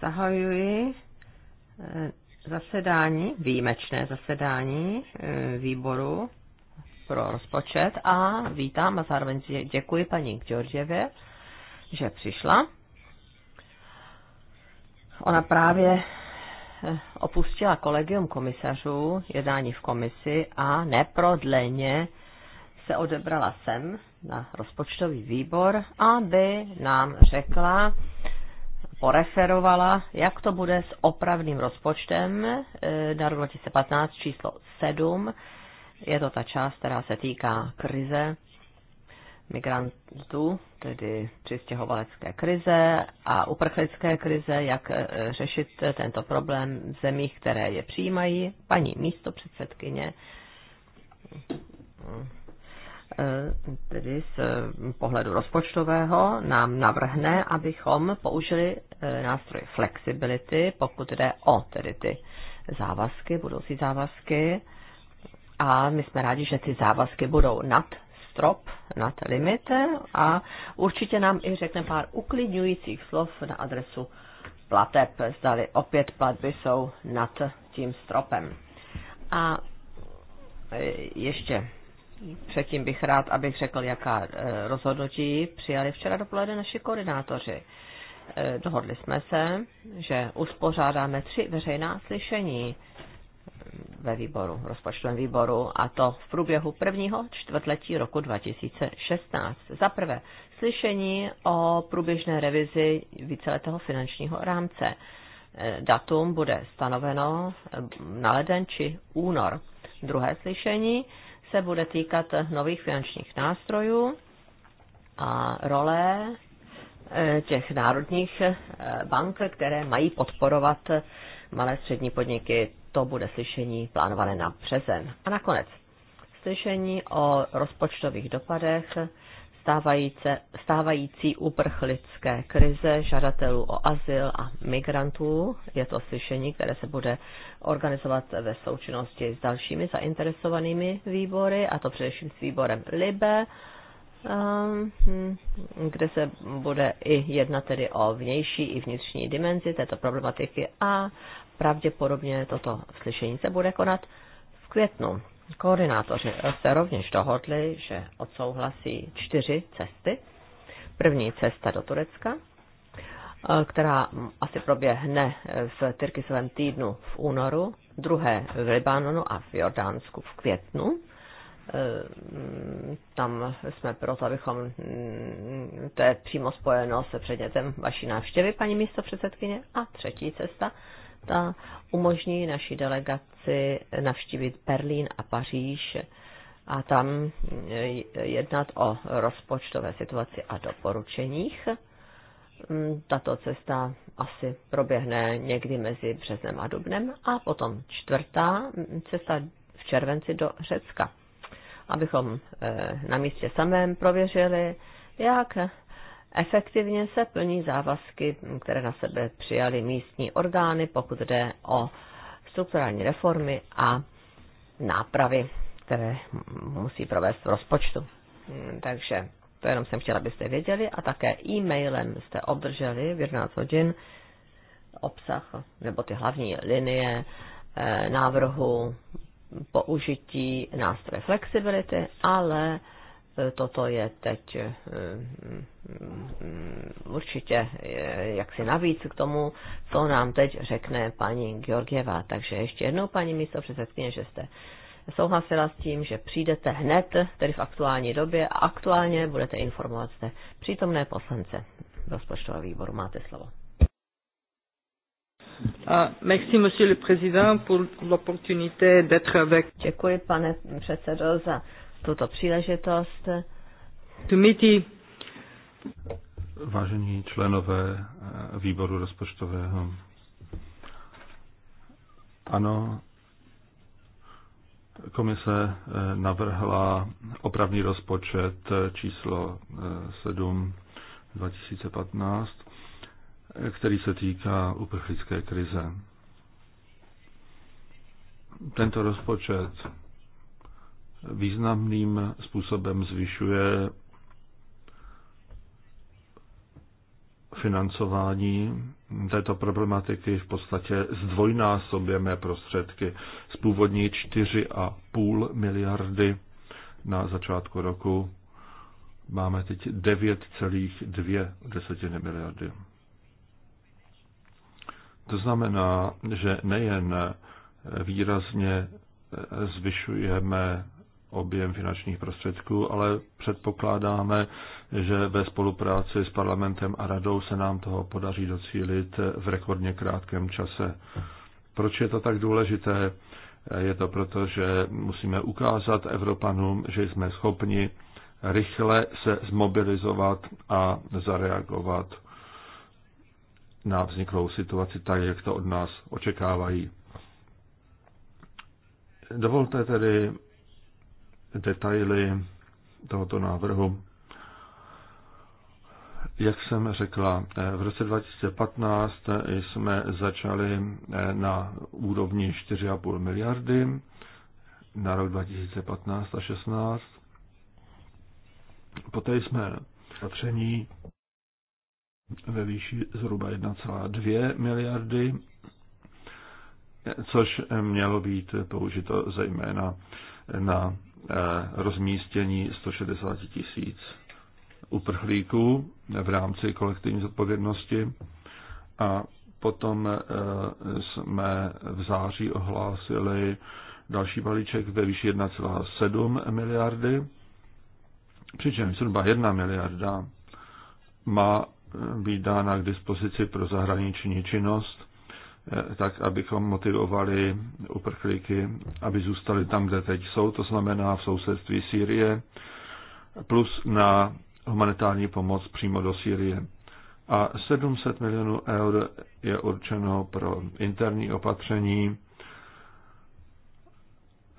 Zahajuji eh, zasedání, výjimečné zasedání eh, výboru pro rozpočet a vítám a zároveň děkuji paní Georgievě, že přišla. Ona právě eh, opustila kolegium komisařů, jednání v komisi a neprodleně se odebrala sem na rozpočtový výbor, aby nám řekla, poreferovala, jak to bude s opravným rozpočtem eh, na rok 2015 číslo 7. Je to ta část, která se týká krize migrantů, tedy přistěhovalecké krize a uprchlické krize, jak eh, řešit eh, tento problém v zemích, které je přijímají. Paní místo předsedkyně Eh, tedy z eh, pohledu rozpočtového, nám navrhne, abychom použili eh, nástroj flexibility, pokud jde o tedy ty závazky, budoucí závazky. A my jsme rádi, že ty závazky budou nad strop, nad limit a určitě nám i řekne pár uklidňujících slov na adresu plateb, zdali opět platby jsou nad tím stropem. A ještě Předtím bych rád, abych řekl, jaká e, rozhodnutí přijali včera dopoledne naši koordinátoři. E, dohodli jsme se, že uspořádáme tři veřejná slyšení e, ve výboru, rozpočtovém výboru, a to v průběhu prvního čtvrtletí roku 2016. Za prvé slyšení o průběžné revizi víceletého finančního rámce. Datum bude stanoveno na leden či únor. Druhé slyšení se bude týkat nových finančních nástrojů a role eh, těch národních eh, bank, které mají podporovat eh, malé střední podniky. To bude slyšení plánované na březen. A nakonec slyšení o rozpočtových dopadech stávající, stávající uprchlické krize žadatelů o azyl a migrantů. Je to slyšení, které se bude organizovat ve součinnosti s dalšími zainteresovanými výbory, a to především s výborem LIBE, ehm, kde se bude i jedna tedy o vnější i vnitřní dimenzi této problematiky a pravděpodobně toto slyšení se bude konat v květnu. Koordinátoři se rovněž dohodli, že odsouhlasí čtyři cesty. První cesta do Turecka, e, která asi proběhne v Tyrkisovém týdnu v únoru, druhé v Libanonu a v Jordánsku v květnu. E, mm, tam jsme proto, abychom, mm, to je přímo spojeno se předmětem vaší návštěvy, paní místo předsedkyně, a třetí cesta ta umožní naší delegaci navštívit Berlín a Paříž a tam eh, jednat o rozpočtové situaci a doporučeních. Mm, tato cesta asi proběhne někdy mezi březnem a dubnem a potom čtvrtá mm, cesta v červenci do Řecka, abychom eh, na místě samém prověřili, jak efektivně se plní závazky, které na sebe přijali místní orgány, pokud jde o strukturální reformy a nápravy, které musí provést v rozpočtu. Takže to jenom jsem chtěla, abyste věděli a také e-mailem jste obdrželi v 11 hodin obsah nebo ty hlavní linie eh, návrhu použití nástroje flexibility, ale toto je teď eh, mm, určitě eh, jaksi navíc k tomu, co nám teď řekne paní Georgieva. Takže ještě jednou, paní místo předsedkyně, že jste souhlasila s tím, že přijdete hned, tedy v aktuální době, a aktuálně budete informovat jste přítomné poslance rozpočtového výboru. Máte slovo. Ah, merci, monsieur le président, pour l'opportunité d'être avec. Děkuji, pane předsedo, za tuto příležitost. Committee. Vážení členové eh, výboru rozpočtového, ano, komise eh, navrhla opravný rozpočet eh, číslo 7 2015, který se týká uprchlické krize. Tento rozpočet významným způsobem zvyšuje financování této problematiky v podstatě zdvojnásobujeme prostředky z původní 4,5 miliardy na začátku roku. Máme teď 9,2 miliardy. To znamená, že nejen výrazně zvyšujeme objem finančních prostředků, ale předpokládáme, že ve spolupráci s parlamentem a radou se nám toho podaří docílit v rekordně krátkém čase. Proč je to tak důležité? Je to proto, že musíme ukázat Evropanům, že jsme schopni rychle se zmobilizovat a zareagovat na vzniklou situaci tak, jak to od nás očekávají. Dovolte tedy detaily tohoto návrhu. Jak jsem řekla, v roce 2015 jsme začali na úrovni 4,5 miliardy na rok 2015 a 16. Poté jsme opatření ve výši zhruba 1,2 miliardy, což mělo být použito zejména na Eh, rozmístění 160 tisíc uprchlíků v rámci kolektivní zodpovědnosti a potom eh, jsme v září ohlásili další balíček ve výši 1,7 miliardy, přičemž zhruba 1 miliarda má být dána k dispozici pro zahraniční činnost Eh, tak abychom motivovali uprchlíky, aby zůstali tam, kde teď jsou, to znamená v sousedství Sýrie, plus na humanitární pomoc přímo do Sýrie. A 700 milionů eur je určeno pro interní opatření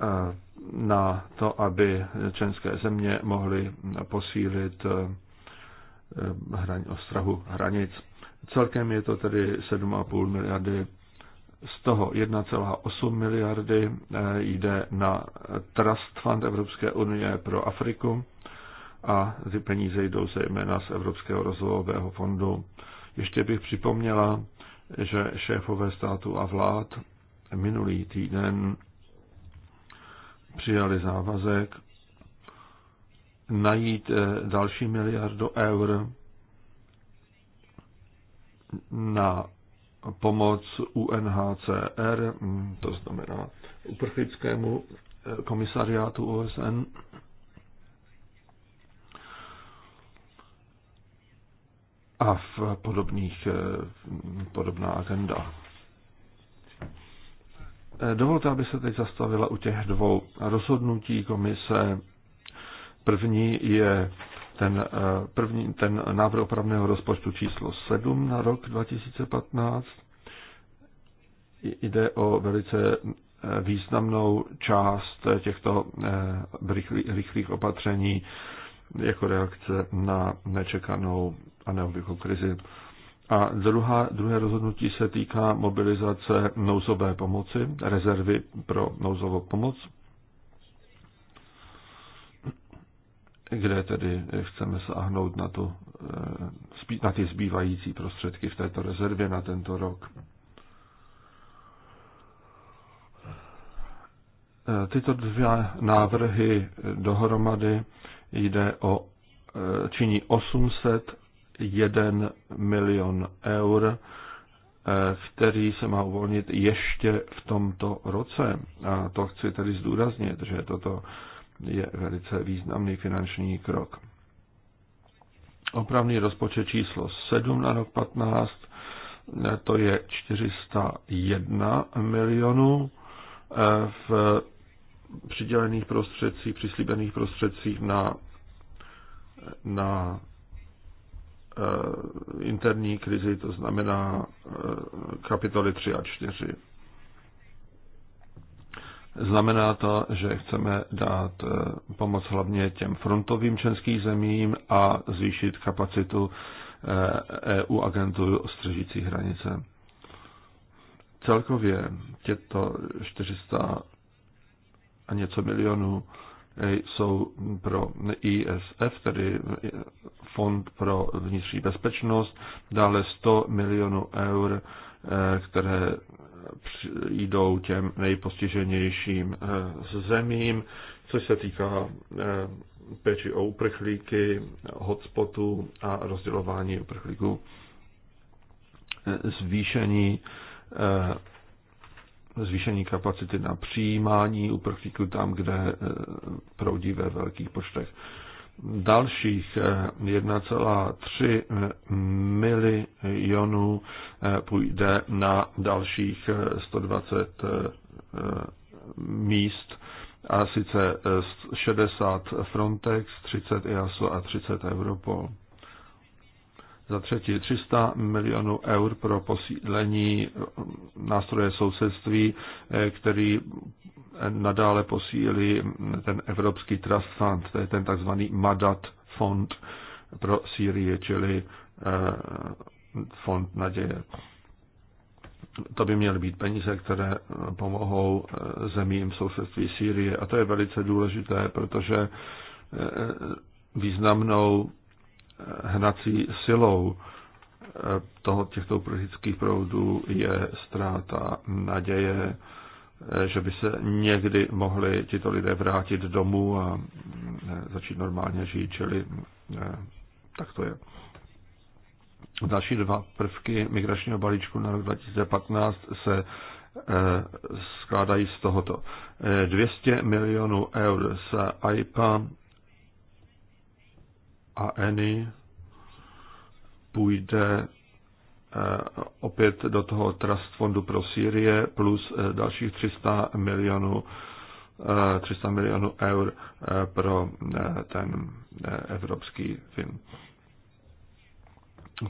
eh, na to, aby členské země mohly posílit ostrahu eh, hranic. Celkem je to tedy 7,5 miliardy z toho 1,8 miliardy eh, jde na Trust Fund Evropské unie pro Afriku a ty peníze jdou zejména z Evropského rozvojového fondu. Ještě bych připomněla, že šéfové státu a vlád minulý týden přijali závazek najít eh, další miliardu eur na pomoc UNHCR, to znamená uprchlickému eh, komisariátu OSN. A v podobných, eh, podobná agenda. Eh, dovolte, aby se teď zastavila u těch dvou rozhodnutí komise. První je ten, eh, první, ten návrh opravného rozpočtu číslo 7 na rok 2015. Jde o velice eh, významnou část těchto eh, rychlých opatření jako reakce na nečekanou a neobvyklou krizi. A druhá, druhé rozhodnutí se týká mobilizace nouzové pomoci, rezervy pro nouzovou pomoc kde tedy chceme sáhnout na, tu, eh, na ty zbývající prostředky v této rezervě na tento rok. Eh, tyto dvě návrhy dohromady jde o eh, činí 801 milion eur, který se má uvolnit ještě v tomto roce. A to chci tedy zdůraznit, že toto je velice významný finanční krok. Opravný rozpočet číslo 7 na rok 15, to je 401 milionů eh, v přidělených prostředcích, přislíbených prostředcích na, na eh, interní krizi, to znamená eh, kapitoly 3 a 4. Znamená to, že chceme dát eh, pomoc hlavně těm frontovým členským zemím a zvýšit kapacitu EU eh, e agentů střežící hranice. Celkově těto 400 a něco milionů eh, jsou pro ISF, tedy Fond pro vnitřní bezpečnost, dále 100 milionů eur, které jdou těm nejpostiženějším eh, zemím, což se týká eh, péči o uprchlíky, hotspotů a rozdělování uprchlíků. Eh, zvýšení, zvýšení kapacity na přijímání uprchlíků tam, kde proudí ve velkých počtech dalších 1,3 eh, eh, milionů eh, půjde na dalších 120 míst, a sice 60 Frontex, 30 EASO a 30 Europol. Za třetí 300 milionů eur pro posílení nástroje sousedství, který nadále posílí ten Evropský Trust Fund, to je ten takzvaný Madat fond pro Sýrii, čili eh, fond naděje. To by měly být peníze, které eh, pomohou eh, zemím v sousedství Sýrie. A to je velice důležité, protože významnou hnací silou toho, těchto uprchlických proudů je ztráta naděje, Eh, že by se někdy mohli tito lidé vrátit domů a eh, začít normálně žít, čili eh, tak to je. Další dva prvky migračního balíčku na rok 2015 se skládají z tohoto. 200 milionů eur z AIPA a ENI půjde Eh, opět do toho Trust Fondu pro Sýrie plus eh, dalších 300 milionů 300 eh, milionů eur pro ten evropský film.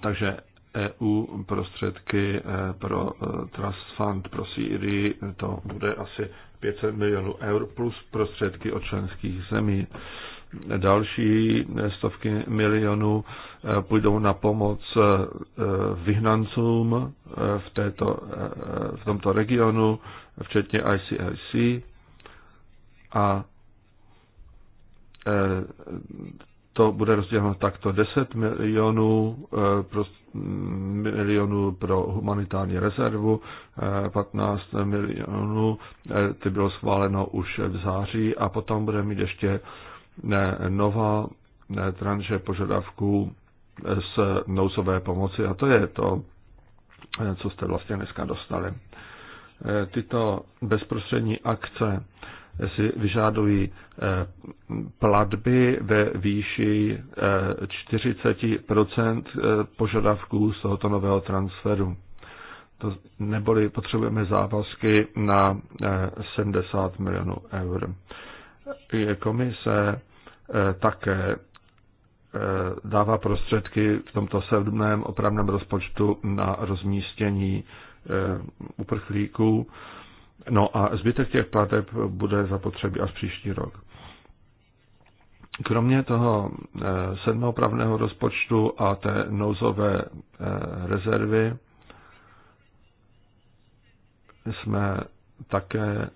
Takže EU prostředky pro Trust Fund pro Sýrii to bude asi 500 milionů eur plus prostředky od členských zemí. Další stovky milionů eh, půjdou na pomoc eh, vyhnancům eh, v, této, v tomto regionu, včetně ICIC. A to bude rozděleno takto 10 milionů pro, milionů pro humanitární rezervu, 15 milionů, ty bylo schváleno už v září a potom bude mít ještě nová tranže požadavků eh, z nouzové pomoci a to je to, eh, co jste vlastně dneska dostali. Eh, tyto bezprostřední akce si vyžádují platby ve výši 40 požadavků z tohoto nového transferu. To, neboli potřebujeme závazky na 70 milionů eur. Komise Eh, také eh, dává prostředky v tomto sedmém opravném rozpočtu na rozmístění eh, uprchlíků. No a zbytek těch plateb bude zapotřebí až příští rok. Kromě toho sedmopravného rozpočtu a té nouzové rezervy jsme také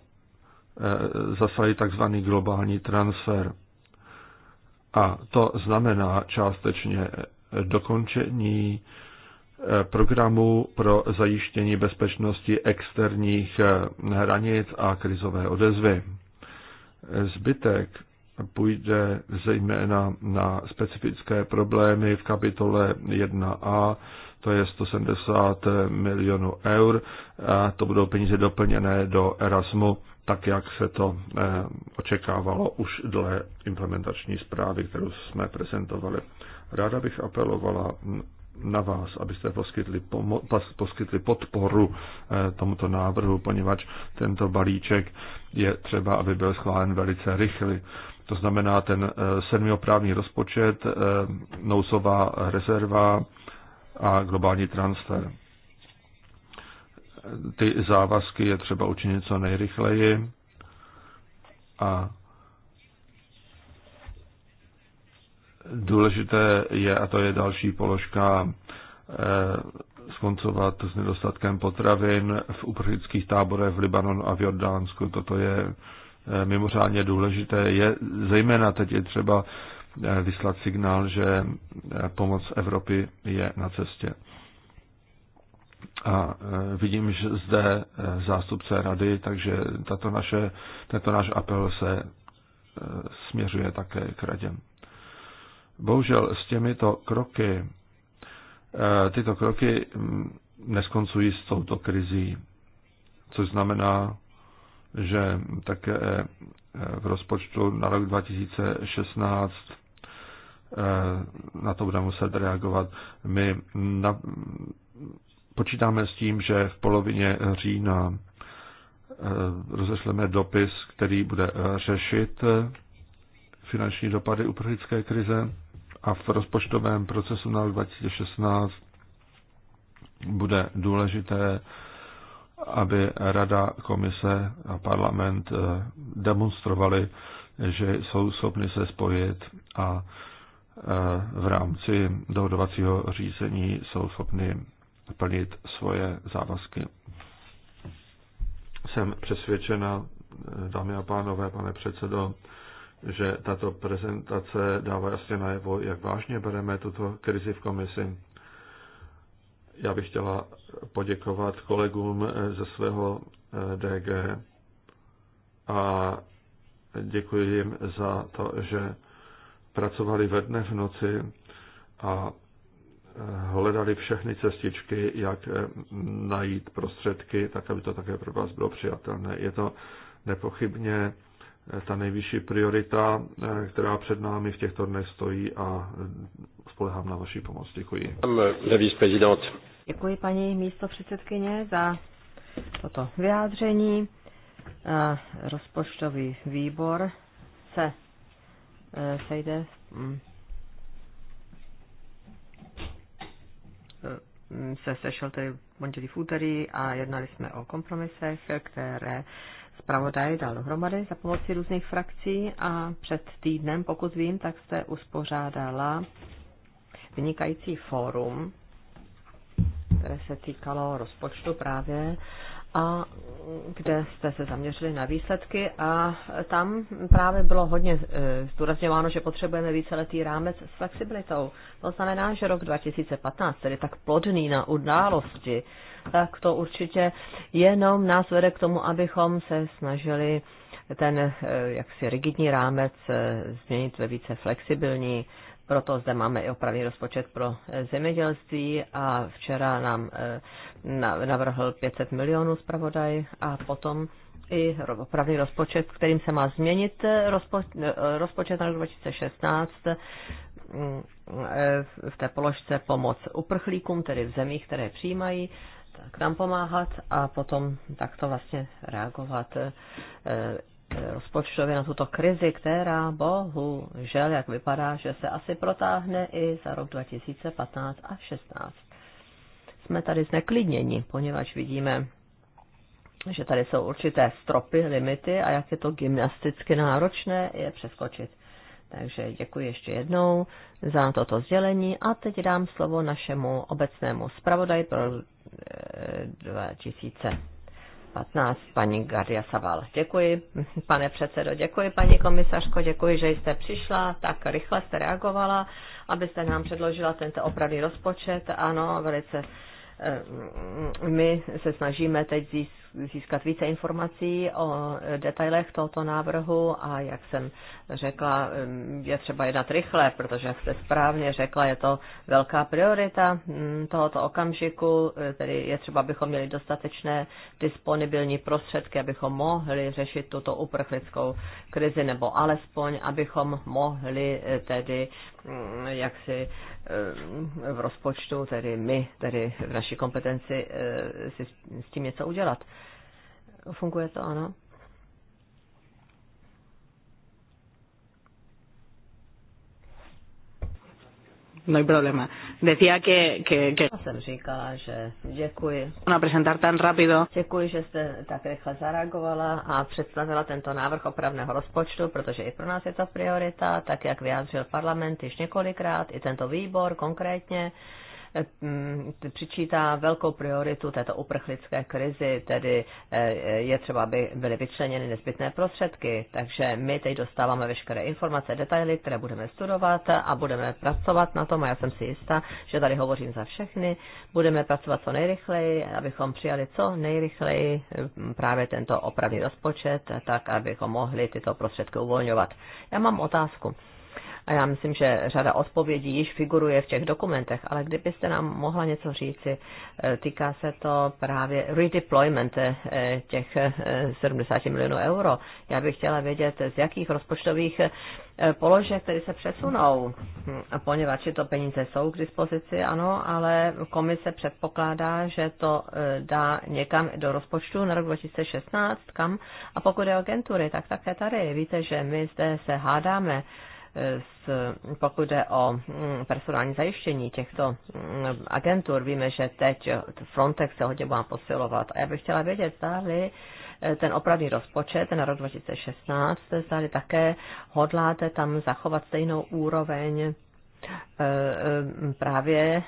zaslali takzvaný globální transfer – a to znamená částečně dokončení eh, programu pro zajištění bezpečnosti externích eh, hranic a krizové odezvy. Zbytek půjde zejména na specifické problémy v kapitole 1a, to je 170 milionů eur, a to budou peníze doplněné do Erasmu tak, jak se to eh, očekávalo už dle implementační zprávy, kterou jsme prezentovali. Ráda bych apelovala na vás, abyste poskytli, pomo- poskytli podporu eh, tomuto návrhu, poněvadž tento balíček je třeba, aby byl schválen velice rychle. To znamená ten eh, sedmioprávní rozpočet, nouzová rezerva a globální transfer ty závazky je třeba učinit co nejrychleji a důležité je, a to je další položka, eh, skoncovat s nedostatkem potravin v uprchlických táborech v Libanonu a v Jordánsku. Toto je eh, mimořádně důležité. Je zejména teď je třeba eh, vyslat signál, že pomoc Evropy je na cestě. A e, vidím, že zde e, zástupce rady, takže tato naše, tento náš apel se e, směřuje také k radě. Bohužel s těmito kroky, tyto kroky neskoncují s touto krizí, což znamená, že také v rozpočtu na rok 2016 na to budeme muset reagovat. My na, Počítáme s tím, že v polovině října eh, rozešleme dopis, který bude eh, řešit eh, finanční dopady uprchlické krize a v rozpočtovém procesu na rok 2016 bude důležité, aby Rada, Komise a parlament demonstrovali, že jsou schopni se spojit a v rámci dohodovacího řízení jsou schopni plnit svoje závazky. Jsem přesvědčena, dámy a pánové, pane předsedo, že tato prezentace dává jasně najevo, jak vážně bereme tuto krizi v komisi. Já bych chtěla poděkovat kolegům ze svého eh, DG a děkuji jim za to, že pracovali ve dne v noci a hledali všechny cestičky, jak eh, najít prostředky, tak aby to také pro vás bylo přijatelné. Je to nepochybně eh, ta nejvyšší priorita, eh, která před námi v těchto dnech stojí a spolehám na vaši pomoc. Děkuji. Děkuji paní místo předsedkyně za toto vyjádření. Rozpočtový výbor se sejde hm, Eh, se sešel tedy pondělí v úterý a jednali jsme o kompromisech, které zpravodaj dal dohromady za pomoci různých frakcí a před týdnem, pokud vím, tak jste uspořádala vynikající fórum, které se týkalo rozpočtu právě a kde jste se zaměřili na výsledky a tam právě bylo hodně eh, zdůrazněváno, že potřebujeme víceletý rámec s flexibilitou. To znamená, že rok 2015, tedy tak plodný na události, tak to určitě jenom nás vede k tomu, abychom se snažili ten eh, jaksi rigidní rámec eh, změnit ve více flexibilní proto zde máme i opravný rozpočet pro eh, zemědělství a včera nám eh, navrhl 500 milionů zpravodaj a potom i opravný rozpočet, kterým se má změnit eh, rozpočet, rozpočet na rok 2016 mm, v té položce pomoc uprchlíkům, tedy v zemích, které přijímají, tak nám pomáhat a potom takto vlastně reagovat rozpočtově na tuto krizi, která bohužel, jak vypadá, že se asi protáhne i za rok 2015 a 16. Jsme tady zneklidněni, poněvadž vidíme, že tady jsou určité stropy, limity a jak je to gymnasticky náročné je přeskočit. Takže děkuji ještě jednou za toto sdělení a teď dám slovo našemu obecnému zpravodaji pro 2000. Eh, 15. Paní Gardia Saval. Děkuji, pane předsedo, děkuji, paní komisařko, děkuji, že jste přišla, tak rychle jste reagovala, abyste nám předložila tento opravný rozpočet. Ano, velice eh, my se snažíme teď získat získat více informací o detailech tohoto návrhu a jak jsem řekla, mm, je třeba jednat rychle, protože jak jste správně řekla, je to velká priorita mm, tohoto okamžiku, e, tedy je třeba, abychom měli dostatečné disponibilní prostředky, abychom mohli řešit tuto uprchlickou krizi, nebo alespoň, abychom mohli e, tedy mm, jak si e, v rozpočtu, tedy my, tedy v naší kompetenci si s tím něco udělat. Funguje to, ano? no hay problema. Decía que, que, que... Já jsem říkala, že děkuji. Na presentar tan rápido. Děkuji, že jste tak rychle zareagovala a představila tento návrh opravného rozpočtu, protože i pro nás je to priorita, tak jak vyjádřil parlament již několikrát, i tento výbor konkrétně. Eh, přičítá velkou prioritu této uprchlické krizi, tedy eh, je třeba, aby byly vyčleněny nezbytné prostředky. Takže my teď dostáváme veškeré informace, detaily, které budeme studovat a budeme pracovat na tom, a já jsem si jistá, že tady hovořím za všechny, budeme pracovat co nejrychleji, abychom přijali co nejrychleji hm, právě tento opravný rozpočet, tak abychom mohli tyto prostředky uvolňovat. Já mám otázku. A já myslím, že řada odpovědí již figuruje v těch dokumentech, ale kdybyste nám mohla něco říci, e, týká se to právě redeployment e, těch 70 e, milionů euro. Já bych chtěla vědět, z jakých rozpočtových položek, které se přesunou, hm, poněvadž to peníze jsou k dispozici, ano, ale komise předpokládá, že to dá někam do rozpočtu na rok 2016, kam. A pokud je agentury, tak také tady. Víte, že my zde se hádáme, s, pokud jde o mm, personální zajištění těchto mm, agentur, víme, že teď Frontex se hodně má posilovat. A já bych chtěla vědět, zdáli eh, ten opravný rozpočet na rok 2016, zdáli také hodláte tam zachovat stejnou úroveň eh, eh, právě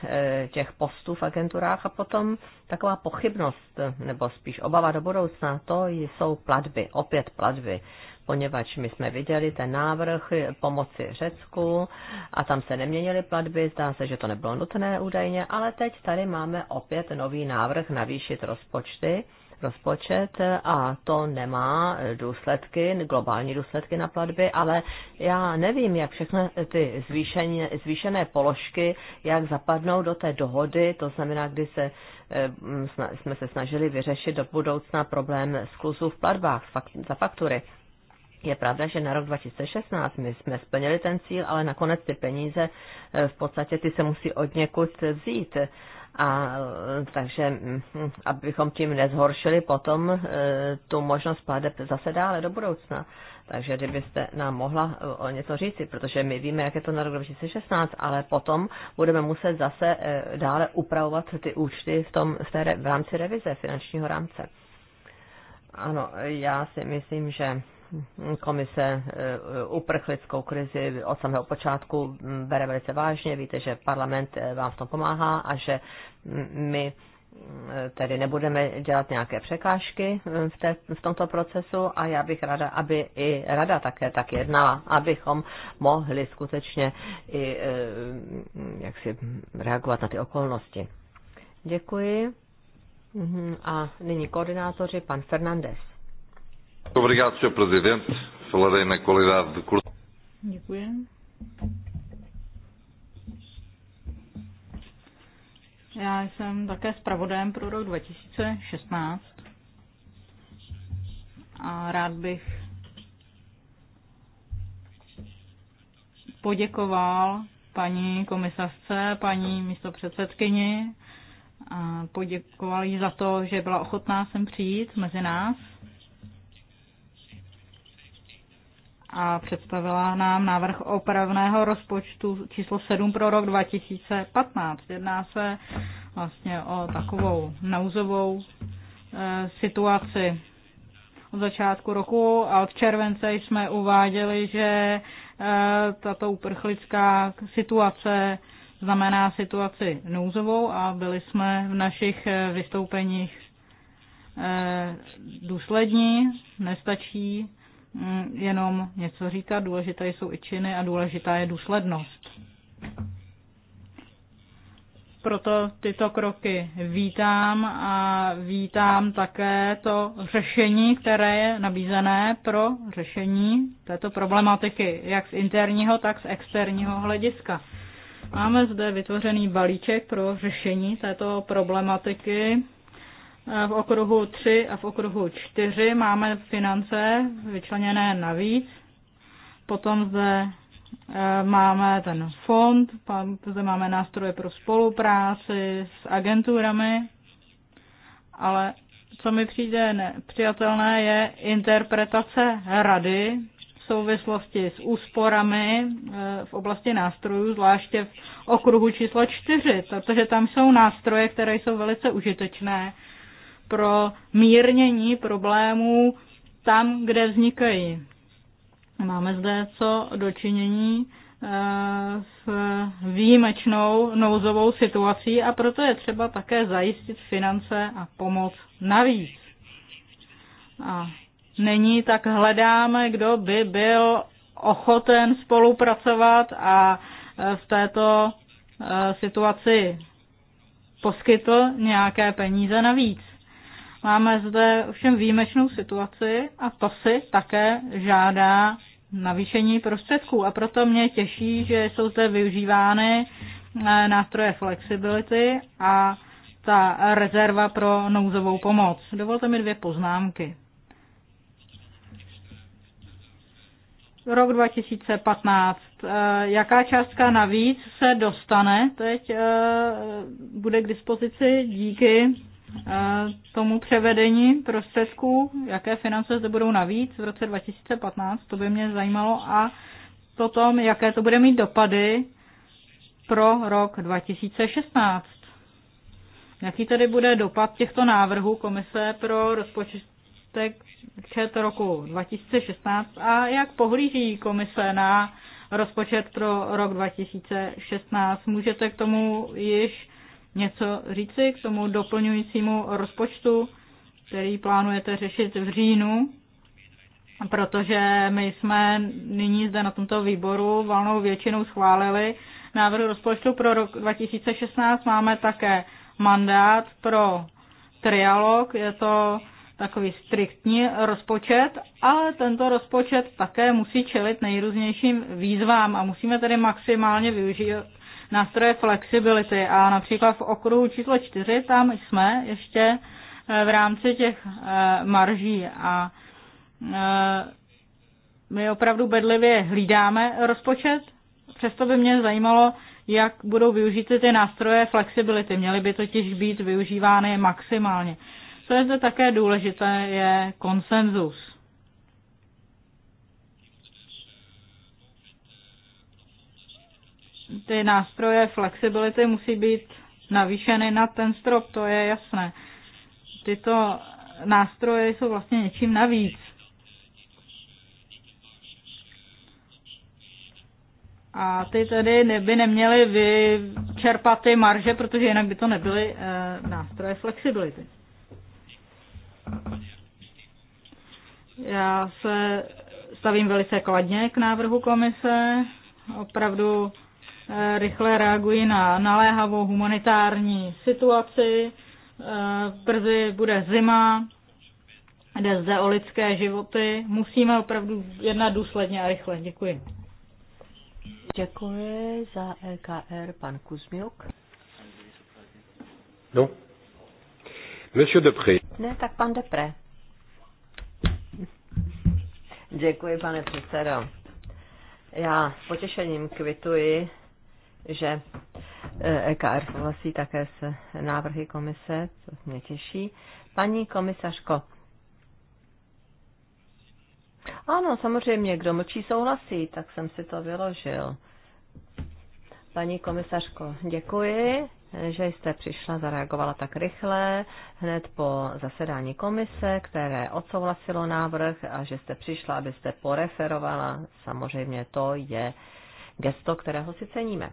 těch postů v agenturách a potom taková pochybnost, nebo spíš obava do budoucna, to jsou platby, opět platby poněvadž my jsme viděli ten návrh pomoci Řecku a tam se neměnily platby, zdá se, že to nebylo nutné údajně, ale teď tady máme opět nový návrh navýšit rozpočty rozpočet a to nemá důsledky, globální důsledky na platby, ale já nevím, jak všechny ty zvýšené, zvýšené položky, jak zapadnou do té dohody, to znamená, kdy se, eh, jsme se snažili vyřešit do budoucna problém skluzů v platbách za faktury. Je pravda, že na rok 2016 my jsme splnili ten cíl, ale nakonec ty peníze eh, v podstatě ty se musí od někud vzít. A takže, hm, abychom tím nezhoršili potom eh, tu možnost pládeb zase dále do budoucna. Takže kdybyste nám mohla eh, o něco říci, protože my víme, jak je to na rok 2016, ale potom budeme muset zase dále upravovat ty účty v, tom, v, té, v rámci revize finančního rámce. Ano, já si myslím, že komise eh, uprchlickou krizi od samého počátku mm, bere velice vážně. Víte, že parlament eh, vám v tom pomáhá a že mm, my eh, tedy nebudeme dělat nějaké překážky v, té, v tomto procesu a já bych ráda, aby i rada také tak jednala, abychom mohli skutečně i jak si reagovat na ty okolnosti. Děkuji. Mhm, a nyní koordinátoři, pan Fernandez. Obrigado, Sr. Presidente. Falarei na qualidade de Děkuji. Já jsem také zpravodajem pro rok 2016 a rád bych poděkoval paní komisařce, paní místopředsedkyni, a poděkoval jí za to, že byla ochotná sem přijít mezi nás a představila nám návrh opravného rozpočtu číslo 7 pro rok 2015. Jedná se vlastně o takovou nouzovou eh, situaci. Od začátku roku a od července jsme uváděli, že eh, tato uprchlická situace znamená situaci nouzovou a byli jsme v našich eh, vystoupeních eh, důslední, nestačí Mm, jenom něco říkat, důležité jsou i činy a důležitá je důslednost. Proto tyto kroky vítám a vítám také to řešení, které je nabízené pro řešení této problematiky, jak z interního, tak z externího hlediska. Máme zde vytvořený balíček pro řešení této problematiky Eh, v okruhu 3 a v okruhu 4 máme finance vyčleněné navíc. Potom zde eh, máme ten fond, zde máme nástroje pro spolupráci s agenturami, ale co mi přijde nepřijatelné, je interpretace rady v souvislosti s úsporami eh, v oblasti nástrojů, zvláště v okruhu číslo čtyři, protože tam jsou nástroje, které jsou velice užitečné pro mírnění problémů tam, kde vznikají. Máme zde co dočinění eh, s výjimečnou nouzovou situací a proto je třeba také zajistit finance a pomoc navíc. A není tak hledáme, kdo by byl ochoten spolupracovat a eh, v této eh, situaci poskytl nějaké peníze navíc. Máme zde ovšem výjimečnou situaci a to si také žádá navýšení prostředků. A proto mě těší, že jsou zde využívány eh, nástroje flexibility a ta rezerva pro nouzovou pomoc. Dovolte mi dvě poznámky. Rok 2015. Eh, jaká částka navíc se dostane teď, eh, bude k dispozici díky Eh, tomu převedení prostředků, jaké finance zde budou navíc v roce 2015, to by mě zajímalo, a potom, jaké to bude mít dopady pro rok 2016. Jaký tedy bude dopad těchto návrhů Komise pro rozpočet roku 2016 a jak pohlíží Komise na rozpočet pro rok 2016? Můžete k tomu již něco říci k tomu doplňujícímu rozpočtu, který plánujete řešit v říjnu, protože my jsme nyní zde na tomto výboru valnou většinou schválili návrh rozpočtu pro rok 2016. Máme také mandát pro trialog, je to takový striktní rozpočet, ale tento rozpočet také musí čelit nejrůznějším výzvám a musíme tedy maximálně využít nástroje flexibility a například v okruhu číslo 4 tam jsme ještě eh, v rámci těch eh, marží a eh, my opravdu bedlivě hlídáme rozpočet, přesto by mě zajímalo, jak budou využity ty nástroje flexibility. Měly by totiž být využívány maximálně. Co je zde také důležité, je konsenzus. ty nástroje flexibility musí být navýšeny na ten strop, to je jasné. Tyto nástroje jsou vlastně něčím navíc. A ty tedy by neměly vyčerpat ty marže, protože jinak by to nebyly e, nástroje flexibility. Já se stavím velice kladně k návrhu komise. Opravdu Eh, rychle reagují na naléhavou humanitární situaci. Eh, brzy bude zima, jde zde o lidské životy. Musíme opravdu jednat důsledně a rychle. Děkuji. Děkuji za LKR e pan Kuzmiuk. No. Monsieur Depré. Ne, tak pan Depré. Děkuji, pane předsedo. Já s potěšením kvituji že EKR e souhlasí také s návrhy komise, co mě těší. Paní komisařko, ano, samozřejmě, kdo mlčí souhlasí, tak jsem si to vyložil. Paní komisařko, děkuji, že jste přišla, zareagovala tak rychle, hned po zasedání komise, které odsouhlasilo návrh a že jste přišla, abyste poreferovala. Samozřejmě to je gesto, kterého si ceníme.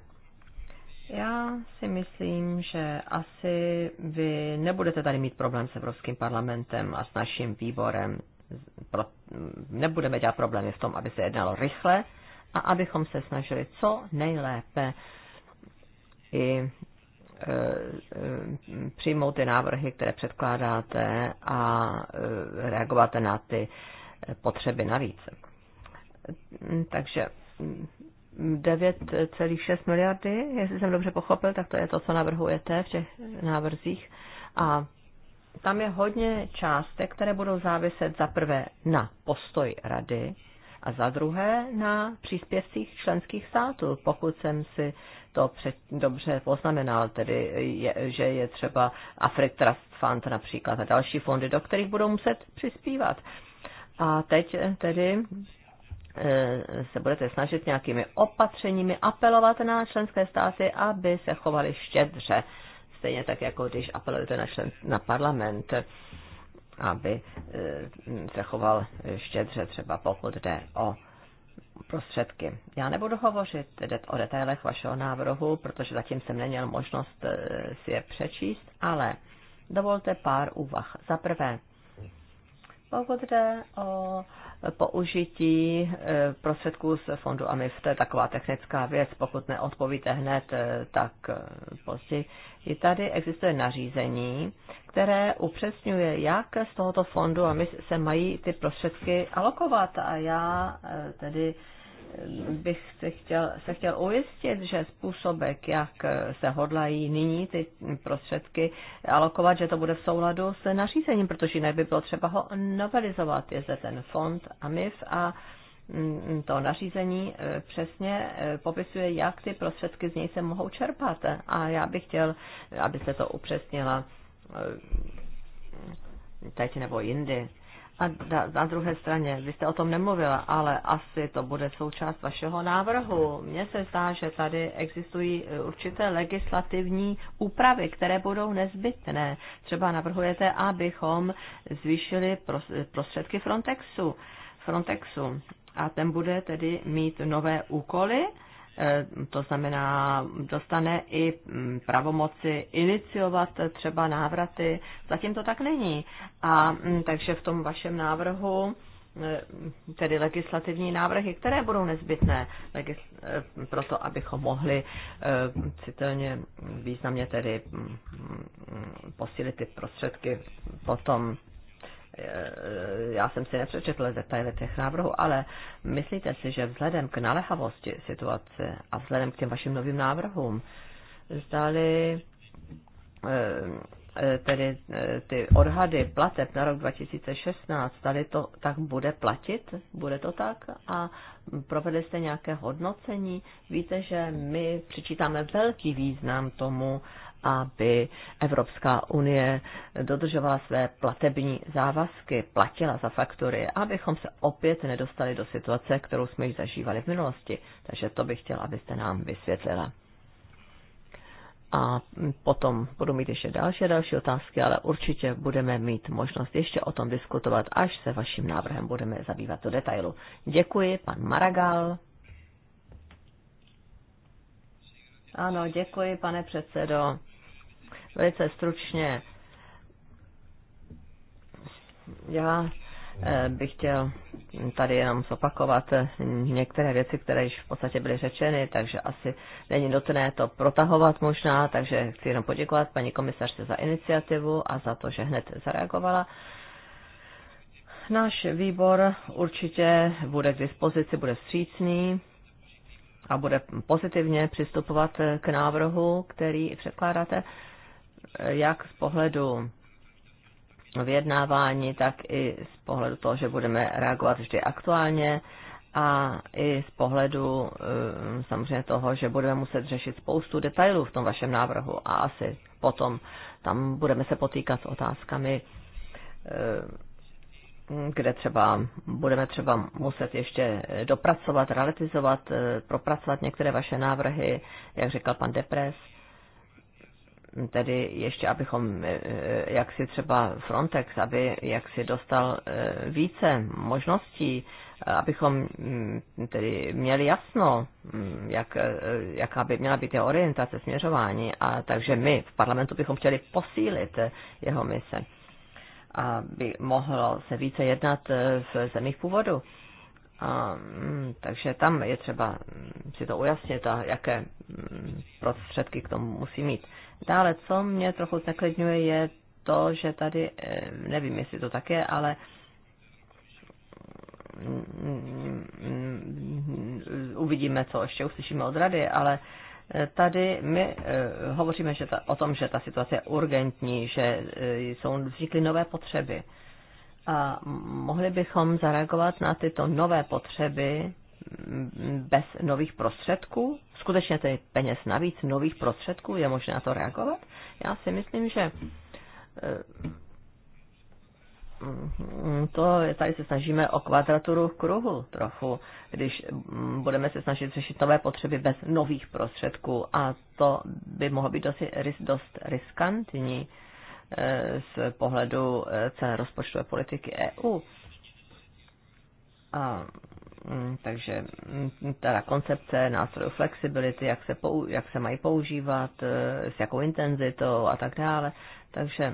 Já si myslím, že asi vy nebudete tady mít problém s Evropským parlamentem a s naším výborem. Nebudeme dělat problémy v tom, aby se jednalo rychle a abychom se snažili co nejlépe i e, e, přijmout ty návrhy, které předkládáte a e, reagovat na ty potřeby navíc. Takže 9,6 miliardy, jestli jsem dobře pochopil, tak to je to, co navrhujete v těch návrzích. A tam je hodně částek, které budou záviset za prvé na postoj rady a za druhé na příspěvcích členských států, pokud jsem si to před, dobře poznamenal, tedy je, že je třeba Afrik Trust Fund například a další fondy, do kterých budou muset přispívat. A teď tedy E, se budete snažit nějakými opatřeními apelovat na členské státy, aby se chovali štědře, stejně tak, jako když apelujete na, člen, na parlament, aby e, se choval štědře, třeba pokud jde o prostředky. Já nebudu hovořit o detailech vašeho návrhu, protože zatím jsem neměl možnost e, si je přečíst, ale dovolte pár úvah. Za prvé, pokud jde o použití eh, prostředků z fondu AMIF. To je taková technická věc, pokud neodpovíte hned, eh, tak eh, později. I tady existuje nařízení, které upřesňuje, jak z tohoto fondu AMIF se mají ty prostředky alokovat. A já tedy bych se chtěl, se chtěl ujistit, že způsobek, jak se hodlají nyní ty prostředky alokovat, že to bude v souladu s nařízením, protože jinak by bylo třeba ho novelizovat. Je zde ten fond a MIF a mm, to nařízení e, přesně e, popisuje, jak ty prostředky z něj se mohou čerpat. A já bych chtěl, abyste to upřesnila e, teď nebo jindy. A na druhé straně, vy jste o tom nemluvila, ale asi to bude součást vašeho návrhu. Mně se zdá, že tady existují e, určité legislativní úpravy, které budou nezbytné. Třeba navrhujete, abychom zvýšili prostředky Frontexu. Frontexu. A ten bude tedy mít nové úkoly Eh, to znamená, dostane i mm, pravomoci iniciovat třeba návraty. Zatím to tak není. A mm, takže v tom vašem návrhu eh, tedy legislativní návrhy, které budou nezbytné eh, pro to, abychom mohli citelně, významně tedy mm, posílit ty prostředky potom Eh, já jsem si nepřečetl detaily těch návrhů, ale myslíte si, že vzhledem k naléhavosti situace a vzhledem k těm vašim novým návrhům, zdali eh, eh, tedy ty odhady plateb na rok 2016, tady to tak bude platit? Bude to tak? A provedli jste nějaké hodnocení? Víte, že my přičítáme velký význam tomu, aby Evropská unie dodržovala své platební závazky, platila za faktury, abychom se opět nedostali do situace, kterou jsme již zažívali v minulosti. Takže to bych chtěla, abyste nám vysvětlila. A potom budu mít ještě další a další otázky, ale určitě budeme mít možnost ještě o tom diskutovat, až se vaším návrhem budeme zabývat do detailu. Děkuji, pan Maragal. Ano, děkuji, pane předsedo. Velice stručně. Já eh, bych chtěl tady jenom zopakovat eh, některé věci, které již v podstatě byly řečeny, takže asi není nutné to protahovat možná, takže chci jenom poděkovat paní komisařce za iniciativu a za to, že hned zareagovala. Náš výbor určitě bude k dispozici, bude střícný a bude pozitivně přistupovat eh, k návrhu, který předkládáte jak z pohledu vyjednávání, tak i z pohledu toho, že budeme reagovat vždy aktuálně a i z pohledu eh, samozřejmě toho, že budeme muset řešit spoustu detailů v tom vašem návrhu a asi potom tam budeme se potýkat s otázkami, eh, kde třeba budeme třeba muset ještě dopracovat, realizovat, eh, propracovat některé vaše návrhy, jak říkal pan Depres tedy ještě, abychom eh, eh, jak si třeba Frontex, aby jak si dostal eh, více možností, abychom mm, tedy měli jasno, mm, jak, jaká by měla být jeho orientace, směřování. A takže my v parlamentu bychom chtěli posílit jeho mise, aby mohlo se více jednat v zemích původu. A, mm, takže tam je třeba si to ujasnit a jaké prostředky k tomu musí mít. Dále, co mě trochu zneklidňuje, je to, že tady, eh, nevím, jestli to tak je, ale mm, uvidíme, co ještě uslyšíme od rady, ale eh, tady my eh, hovoříme že ta, o tom, že ta situace je urgentní, že jsou vznikly nové potřeby. A mohli bychom zareagovat na tyto nové potřeby bez nových prostředků? Skutečně je peněz navíc, nových prostředků? Je možné na to reagovat? Já si myslím, že eh, to tady se snažíme o kvadraturu kruhu trochu, když budeme se snažit řešit nové potřeby bez nových prostředků a to by mohlo být dosti, dost riskantní eh, z pohledu eh, celé rozpočtové politiky EU. A Mm, takže mm, teda koncepce nástrojů flexibility, jak se, pou, jak se mají používat, eh, s jakou intenzitou a tak dále. Takže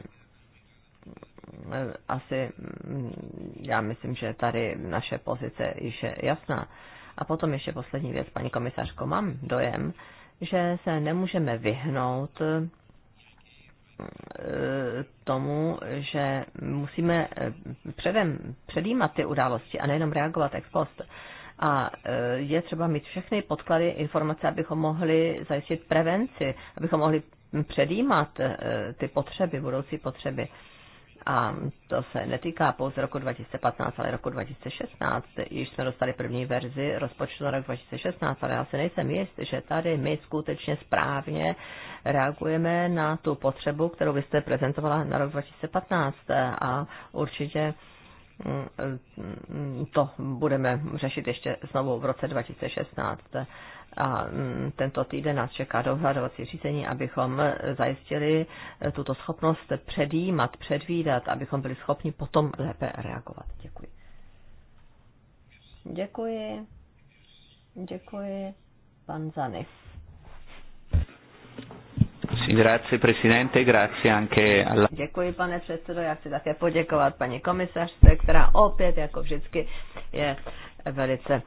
mm, asi já myslím, že tady naše pozice již je jasná. A potom ještě poslední věc, paní komisařko, mám dojem, že se nemůžeme vyhnout eh, Eh, tomu, že musíme eh, předem předjímat ty události a nejenom reagovat ex post. A eh, je třeba mít všechny podklady, informace, abychom mohli zajistit prevenci, abychom mohli předjímat ty potřeby, budoucí potřeby a to se netýká pouze roku 2015, ale roku 2016. Již jsme dostali první verzi rozpočtu na rok 2016, ale já se nejsem jist, že tady my skutečně správně reagujeme na tu potřebu, kterou byste prezentovala na rok 2015 a určitě to budeme řešit ještě znovu v roce 2016. A tento týden nás čeká dohledovací řízení, abychom zajistili tuto schopnost předjímat, předvídat, abychom byli schopni potom lépe reagovat. Děkuji. Děkuji. Děkuji. Pan Zanis. Grazie Presidente, grazie anche alla... Děkuji pane předsedo, já chci také poděkovat paní komisařce, která opět jako vždycky je velice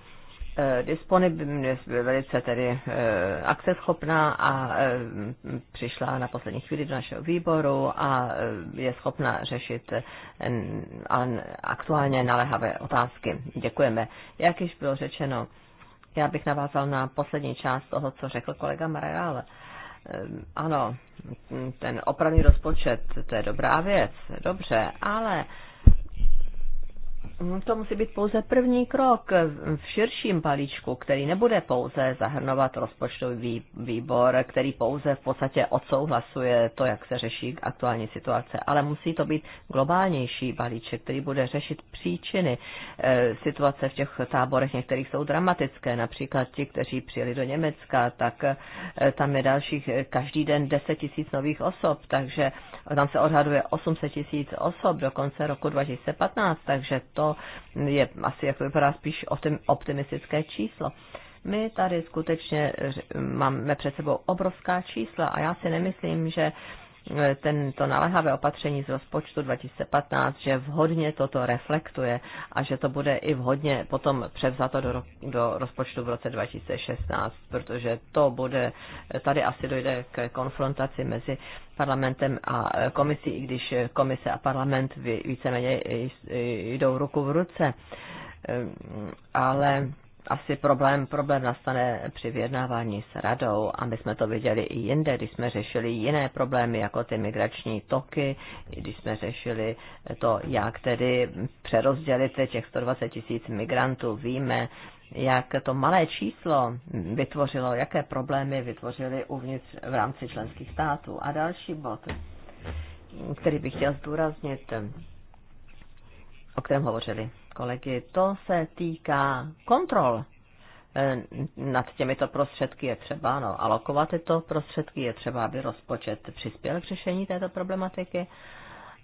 eh, disponibilní, velice tedy eh, akceschopná a eh, přišla na poslední chvíli do našeho výboru a je schopna řešit aktuálně naléhavé otázky. Děkujeme. Jak již bylo řečeno, já bych navázal na poslední část toho, co řekl kolega Marajal. Ehm, ano, ten opravný rozpočet, to je dobrá věc, dobře, ale Mm, to musí být pouze první krok v širším balíčku, který nebude pouze zahrnovat rozpočtový výbor, který pouze v podstatě odsouhlasuje to, jak se řeší aktuální situace, ale musí to být globálnější balíček, který bude řešit příčiny. Eh, situace v těch táborech některých jsou dramatické, například ti, kteří přijeli do Německa, tak eh, tam je dalších eh, každý den 10 tisíc nových osob, takže tam se odhaduje 800 tisíc osob do konce roku 2015, takže to je asi, jak to vypadá, spíš optimistické číslo. My tady skutečně hm, máme před sebou obrovská čísla a já si nemyslím, že Eh, tento naléhavé opatření z rozpočtu 2015, že vhodně toto reflektuje a že to bude i vhodně potom převzato do, do rozpočtu v roce 2016, protože to bude, eh, tady asi dojde k konfrontaci mezi parlamentem a eh, komisí, i když komise a parlament víceméně jdou ruku v ruce. Ehm, ale asi problém, problém nastane při vyjednávání s radou a my jsme to viděli i jinde, když jsme řešili jiné problémy, jako ty migrační toky, když jsme řešili to, jak tedy přerozdělit těch 120 tisíc migrantů. Víme, jak to malé číslo vytvořilo, jaké problémy vytvořily uvnitř v rámci členských států. A další bod, který bych chtěl zdůraznit, o kterém hovořili kolegy, to se týká kontrol e, nad těmito prostředky je třeba no, alokovat tyto prostředky, je třeba, aby rozpočet přispěl k řešení této problematiky,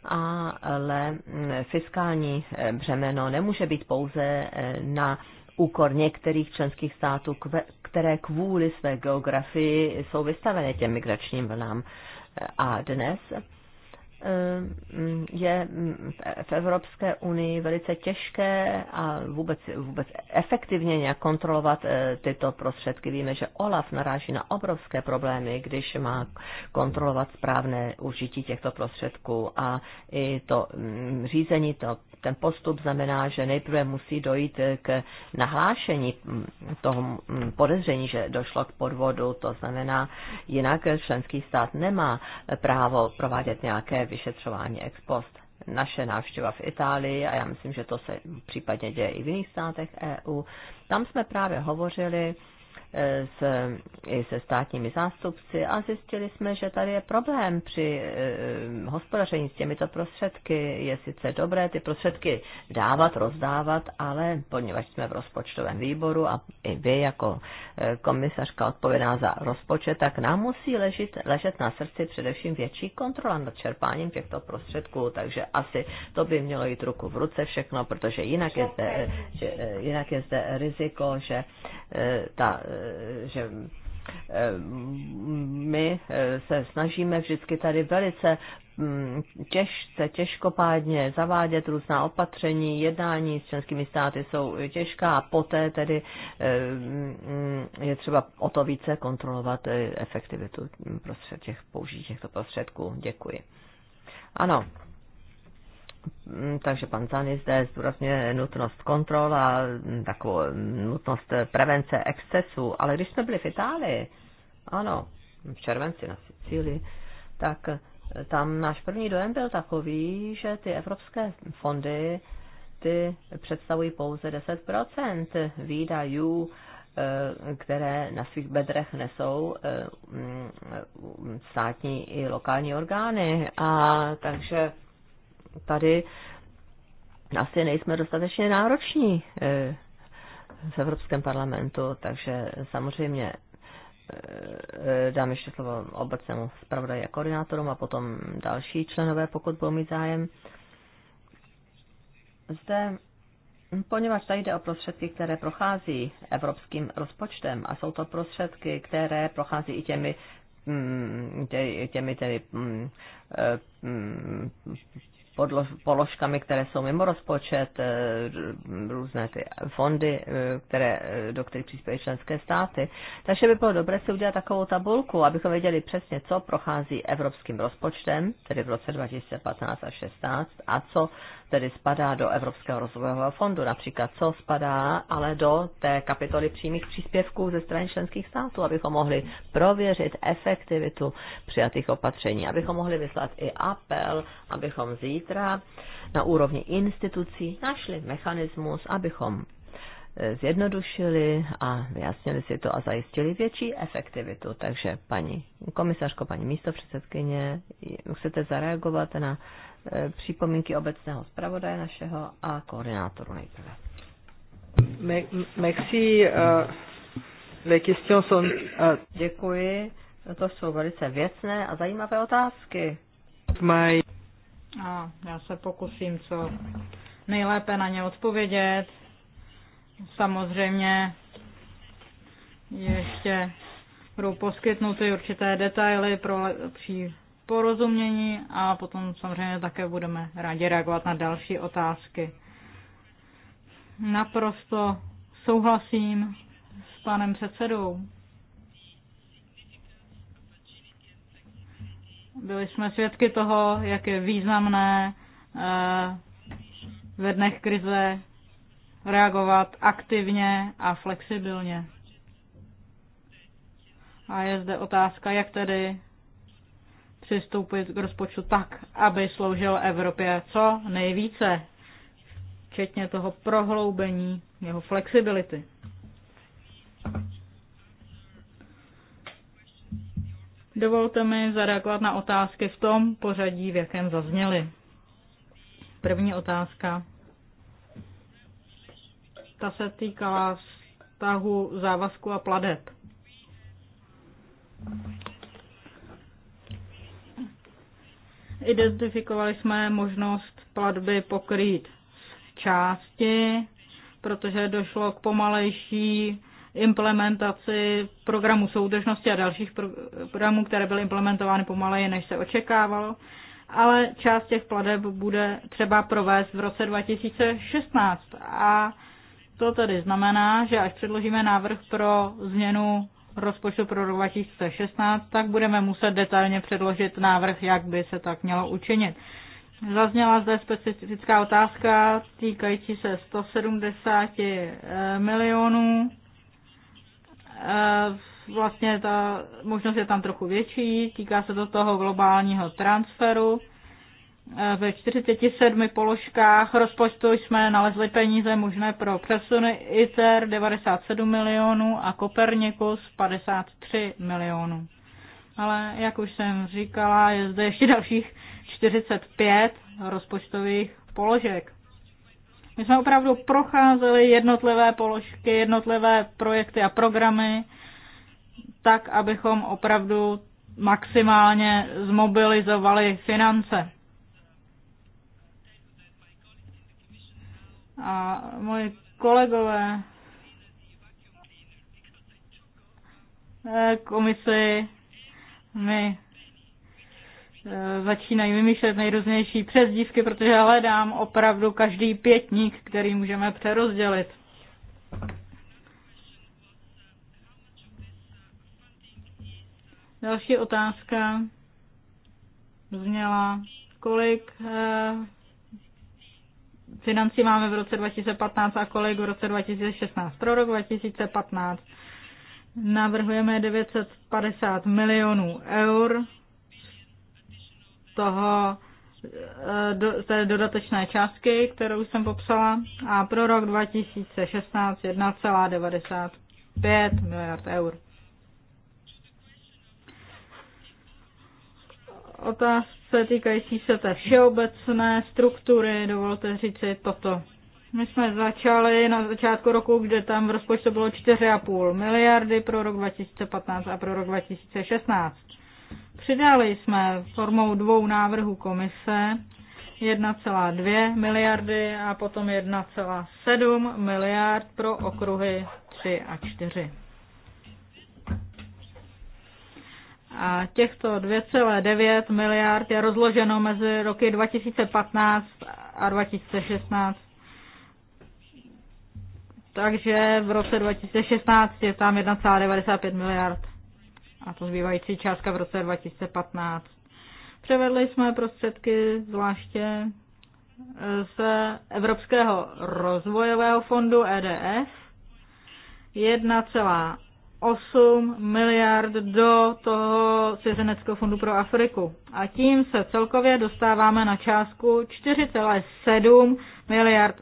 ale mm, fiskální e, břemeno nemůže být pouze e, na úkor některých členských států, které kvůli své geografii jsou vystaveny těm migračním vlnám. A dnes Ehm, je v Evropské unii velice těžké a vůbec, vůbec efektivně nějak kontrolovat eh, tyto prostředky. Víme, že OLAF naráží na obrovské problémy, když má kontrolovat správné užití těchto prostředků a i to mm, řízení, to, ten postup znamená, že nejprve musí dojít k nahlášení mm, toho mm, podezření, že došlo k podvodu, to znamená, jinak členský stát nemá právo provádět nějaké vyšetřování ex post. Naše návštěva v Itálii, a já myslím, že to se případně děje i v jiných státech EU, tam jsme právě hovořili E, s, i se státními zástupci a zjistili jsme, že tady je problém při e, hospodaření s těmito prostředky. Je sice dobré ty prostředky dávat, rozdávat, ale poněvadž jsme v rozpočtovém výboru a i vy jako e, komisařka odpovědná za rozpočet, tak nám musí ležit, ležet na srdci především větší kontrola nad čerpáním těchto prostředků, takže asi to by mělo jít ruku v ruce všechno, protože jinak je zde, že, e, jinak je zde riziko, že e, ta že eh, my eh, se snažíme vždycky tady velice mm, těžce, těžkopádně zavádět různá opatření, jednání s členskými státy jsou těžká a poté tedy eh, mm, je třeba o to více kontrolovat efektivitu těch použití těchto prostředků. Děkuji. Ano, Mm, takže pan Zany zde zdůrazňuje nutnost kontrol a mm, takovou mm, nutnost eh, prevence excesu. Ale když jsme byli v Itálii, ano, v červenci na Sicílii, tak eh, tam náš první dojem byl takový, že ty evropské fondy ty představují pouze 10% výdajů, eh, které na svých bedrech nesou státní i lokální orgány. A takže tady asi nejsme dostatečně nároční eh, v Evropském parlamentu, takže samozřejmě eh, eh, dám ještě slovo obecnému zpravodaji a koordinátorům a potom další členové, pokud budou mít zájem. Zde, poněvadž tady jde o prostředky, které prochází evropským rozpočtem a jsou to prostředky, které prochází i těmi mm, těmi, těmi, mm, těmi mm, položkami, které jsou mimo rozpočet, eh, různé ty fondy, eh, které, eh, do kterých přispějí členské státy. Takže by bylo dobré si udělat takovou tabulku, abychom věděli přesně, co prochází evropským rozpočtem, tedy v roce 2015 a 2016, a co tedy spadá do Evropského rozvojového fondu, například co spadá, ale do té kapitoly přímých příspěvků ze strany členských států, abychom mohli prověřit efektivitu přijatých opatření, abychom mohli vyslat i apel, abychom zítra na úrovni institucí našli mechanismus, abychom e, zjednodušili a vyjasnili si to a zajistili větší efektivitu. Takže paní komisařko, paní místopředsedkyně, chcete zareagovat na Eh, připomínky obecného zpravodaje našeho a koordinátoru nejprve. Merci. Eh, les questions sont... Eh, Děkuji. To jsou velice věcné a zajímavé otázky. My... A já se pokusím co nejlépe na ně odpovědět. Samozřejmě ještě budou poskytnuty určité detaily pro pří porozumění a potom samozřejmě také budeme rádi reagovat na další otázky. Naprosto souhlasím s panem předsedou. Byli jsme svědky toho, jak je významné eh, ve dnech krize reagovat aktivně a flexibilně. A je zde otázka, jak tedy přistoupit k rozpočtu tak, aby sloužil Evropě co nejvíce, včetně toho prohloubení jeho flexibility. Dovolte mi zareagovat na otázky v tom pořadí, v jakém zazněly. První otázka. Ta se týkala vztahu závazku a pladeb. Identifikovali jsme možnost platby pokrýt z části, protože došlo k pomalejší implementaci programu soudržnosti a dalších programů, které byly implementovány pomaleji, než se očekávalo, ale část těch pladeb bude třeba provést v roce 2016 a to tedy znamená, že až předložíme návrh pro změnu rozpočtu pro rok 2016, tak budeme muset detailně předložit návrh, jak by se tak mělo učinit. Zazněla zde specifická otázka týkající se 170 eh, milionů. Eh, vlastně ta možnost je tam trochu větší, týká se to toho globálního transferu ve 47 položkách rozpočtu jsme nalezli peníze možné pro přesuny ITER 97 milionů a Kopernikus 53 milionů. Ale jak už jsem říkala, je zde ještě dalších 45 rozpočtových položek. My jsme opravdu procházeli jednotlivé položky, jednotlivé projekty a programy, tak, abychom opravdu maximálně zmobilizovali finance. a moji kolegové eh, komisi mi eh, začínají vymýšlet nejrůznější přezdívky, protože hledám opravdu každý pětník, který můžeme přerozdělit. Další otázka zněla, kolik eh, financí máme v roce 2015 a kolik v roce 2016. Pro rok 2015 navrhujeme 950 milionů eur, toho eh, do, té dodatečné částky, kterou jsem popsala, a pro rok 2016 1,95 miliard eur. Otázka se týkající se té všeobecné struktury, dovolte říci toto. My jsme začali na začátku roku, kde tam v rozpočtu bylo 4,5 miliardy pro rok 2015 a pro rok 2016. Přidali jsme formou dvou návrhů komise 1,2 miliardy a potom 1,7 miliard pro okruhy 3 a 4. A těchto 2,9 miliard je rozloženo mezi roky 2015 a 2016. Takže v roce 2016 je tam 1,95 miliard a to zbývající částka v roce 2015. Převedli jsme prostředky zvláště e, z Evropského rozvojového fondu e EDF 8 miliard do toho Svěřeneckého fondu pro Afriku. A tím se celkově dostáváme na částku 4,7 miliard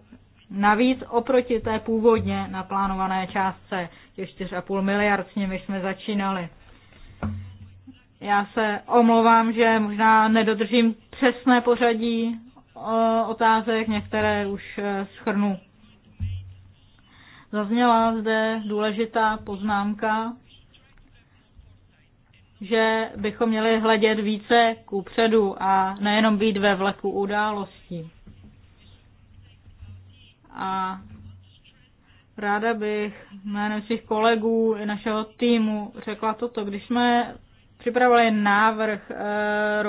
navíc oproti té původně naplánované částce, těch 4,5 miliard, s nimi jsme začínali. Já se omlouvám, že možná nedodržím přesné pořadí eh, otázek, některé už eh, schrnu Zazněla zde důležitá poznámka, že bychom měli hledět více ku předu a nejenom být ve vleku událostí. A ráda bych jménem svých kolegů i našeho týmu řekla toto. Když jsme připravili návrh eh,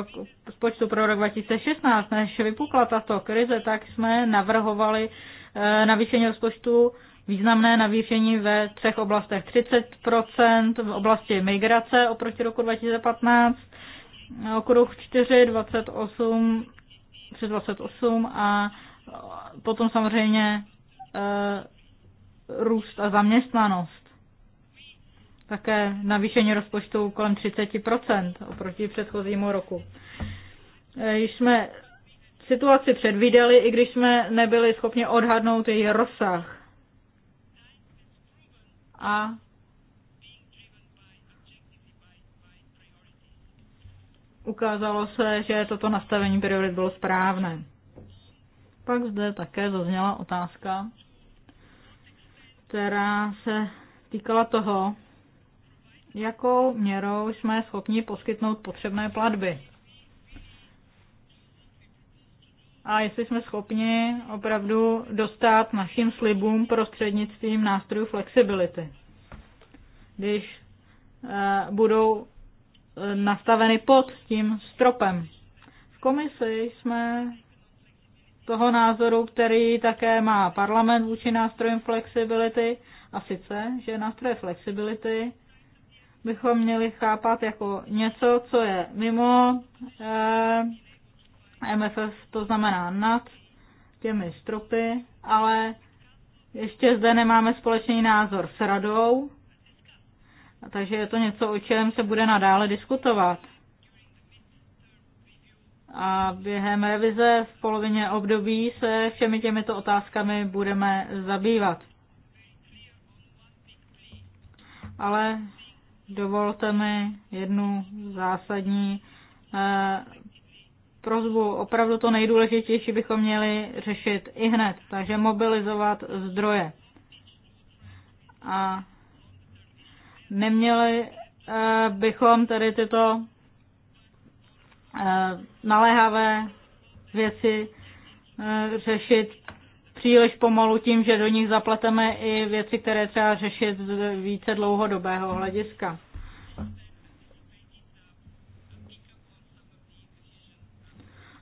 rozpočtu pro rok 2016, než vypukla tato krize, tak jsme navrhovali eh, navýšení rozpočtu významné navýšení ve třech oblastech. 30% v oblasti migrace oproti roku 2015, okruh 4, 28, 328 a potom samozřejmě eh, růst a zaměstnanost. Také navýšení rozpočtu kolem 30% oproti předchozímu roku. Eh, již jsme situaci předvídali, i když jsme nebyli schopni odhadnout její rozsah a ukázalo se, že toto nastavení priorit bylo správné. Pak zde také zazněla otázka, která se týkala toho, jakou měrou jsme schopni poskytnout potřebné platby. a jestli jsme schopni opravdu dostat našim slibům prostřednictvím nástrojů flexibility. Když eh, budou eh, nastaveny pod tím stropem. V komisi jsme toho názoru, který také má parlament vůči nástrojům flexibility, a sice, že nástroje flexibility bychom měli chápat jako něco, co je mimo eh, MFF, to znamená nad těmi stropy, ale ještě zde nemáme společný názor s radou, takže je to něco, o čem se bude nadále diskutovat. A během revize v polovině období se všemi těmito otázkami budeme zabývat. Ale dovolte mi jednu zásadní eh, prozbu, opravdu to nejdůležitější bychom měli řešit i hned, takže mobilizovat zdroje. A neměli eh, bychom tady tyto eh, naléhavé věci eh, řešit příliš pomalu tím, že do nich zapleteme i věci, které třeba řešit z více dlouhodobého hlediska.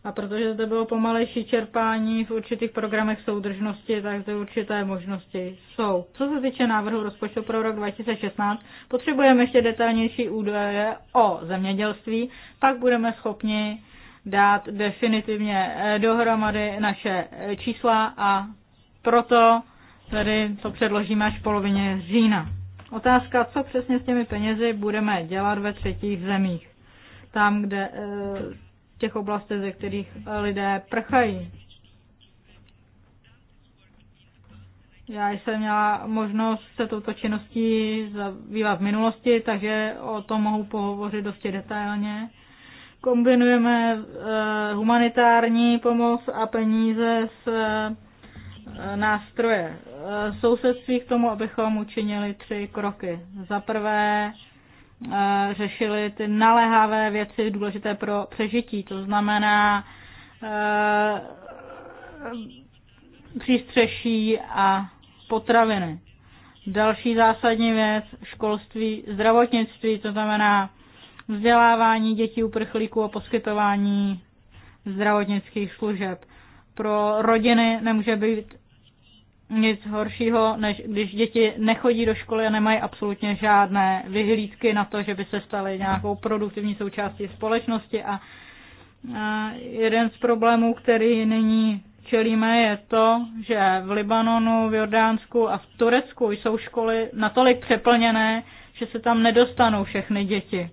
A protože zde bylo pomalejší čerpání v určitých programech soudržnosti, tak zde určité možnosti jsou. Co se týče návrhu rozpočtu pro rok 2016, potřebujeme ještě detailnější údaje o zemědělství, pak budeme schopni dát definitivně eh, dohromady naše eh, čísla a proto tedy to předložíme až v polovině října. Otázka, co přesně s těmi penězi budeme dělat ve třetích zemích. Tam, kde eh, těch oblastech, ze kterých eh, lidé prchají. Já jsem měla možnost se touto činností zabývat v minulosti, takže o tom mohu pohovořit dosti detailně. Kombinujeme eh, humanitární pomoc a peníze s eh, nástroje sousedství k tomu, abychom učinili tři kroky. Za prvé Eh, řešili ty naléhavé věci důležité pro přežití. To znamená eh, přístřeší a potraviny. Další zásadní věc, školství, zdravotnictví, to znamená vzdělávání dětí uprchlíků a poskytování zdravotnických služeb. Pro rodiny nemůže být nic horšího, než když děti nechodí do školy a nemají absolutně žádné vyhlídky na to, že by se staly nějakou produktivní součástí společnosti. A jeden z problémů, který nyní čelíme, je to, že v Libanonu, v Jordánsku a v Turecku jsou školy natolik přeplněné, že se tam nedostanou všechny děti.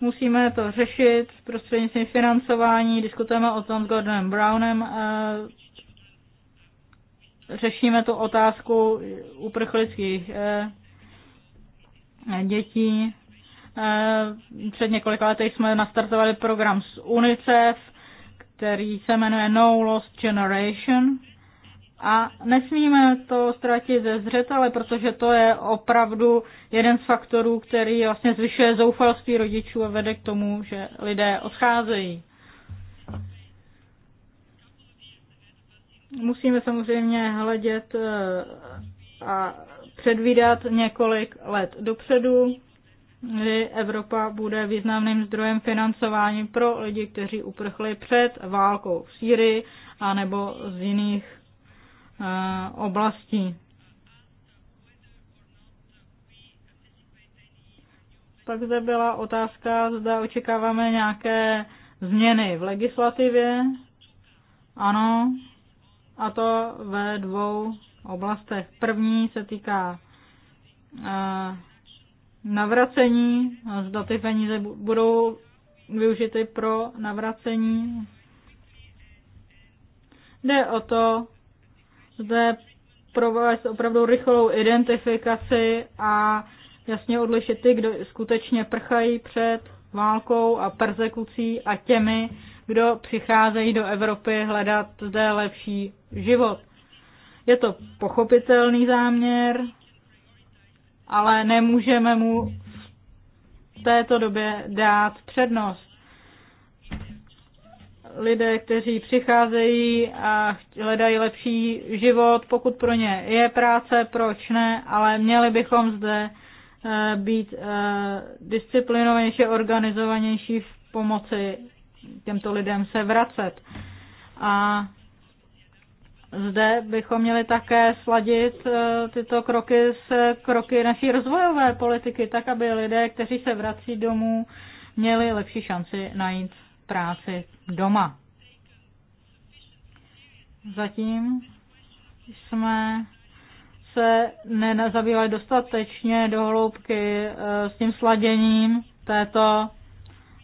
Musíme to řešit prostřednictvím financování. Diskutujeme o tom s Gordonem Brownem eh, řešíme tu otázku uprchlických eh, dětí. Eh, před několika lety jsme nastartovali program z UNICEF, který se jmenuje No Lost Generation. A nesmíme to ztratit ze zřetele, protože to je opravdu jeden z faktorů, který vlastně zvyšuje zoufalství rodičů a vede k tomu, že lidé odcházejí. musíme samozřejmě hledět eh, a předvídat několik let dopředu, kdy Evropa bude významným zdrojem financování pro lidi, kteří uprchli před válkou v Sýrii a nebo z jiných eh, oblastí. Pak zde byla otázka, zda očekáváme nějaké změny v legislativě. Ano, a to ve dvou oblastech. První se týká eh, navracení, zda ty peníze budou využity pro navracení. Jde o to zde provést opravdu rychlou identifikaci a jasně odlišit ty, kdo skutečně prchají před válkou a persekucí a těmi, kdo přicházejí do Evropy hledat zde lepší život. Je to pochopitelný záměr, ale nemůžeme mu v této době dát přednost. Lidé, kteří přicházejí a hledají lepší život, pokud pro ně je práce, proč ne, ale měli bychom zde eh, být eh, disciplinovanější, organizovanější v pomoci těmto lidem se vracet. A zde bychom měli také sladit e, tyto kroky s kroky naší rozvojové politiky, tak aby lidé, kteří se vrací domů, měli lepší šanci najít práci doma. Zatím jsme se nezabývali dostatečně do hloubky e, s tím sladěním této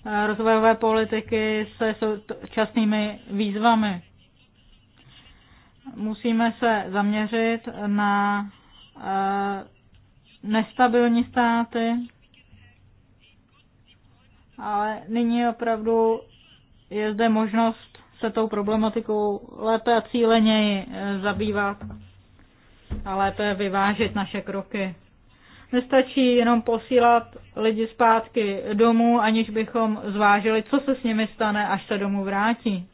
Eh, rozvojové politiky se současnými výzvami. Musíme se zaměřit na eh, nestabilní státy, ale nyní opravdu je zde možnost se tou problematikou lépe a cíleněji eh, zabývat a lépe vyvážit naše kroky. Nestačí jenom posílat lidi zpátky domů, aniž bychom zvážili, co se s nimi stane, až se domů vrátí.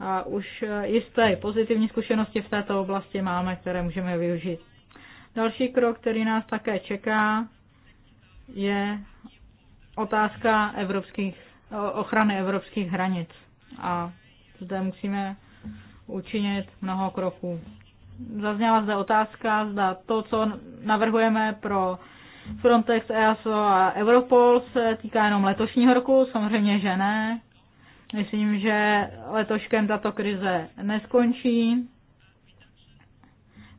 A už eh, jisté pozitivní zkušenosti v této oblasti máme, které můžeme využít. Další krok, který nás také čeká, je otázka evropských, eh, ochrany evropských hranic. A zde musíme učinit mnoho kroků. Zazněla zde otázka, zda to, co navrhujeme pro Frontex, EASO a Europol se týká jenom letošního roku, samozřejmě, že ne. Myslím, že letoškem tato krize neskončí.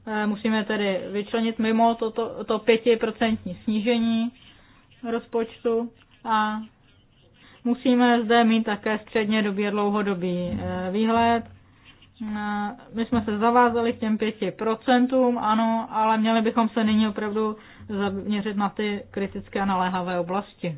E, musíme tedy vyčlenit mimo toto, to 5% snížení rozpočtu a musíme zde mít také středně době dlouhodobý e, výhled my jsme se zavázali k těm pěti procentům, ano, ale měli bychom se nyní opravdu zaměřit na ty kritické a naléhavé oblasti.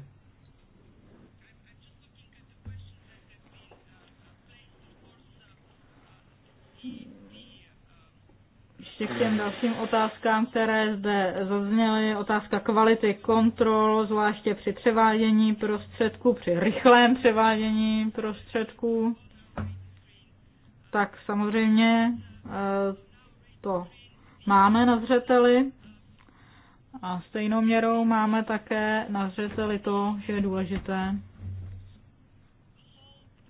ještě k těm dalším otázkám, které zde zazněly. Otázka kvality kontrol, zvláště při převádění prostředků, při rychlém převádění prostředků tak samozřejmě eh, to máme na zřeteli a stejnou měrou máme také na zřeteli to, že je důležité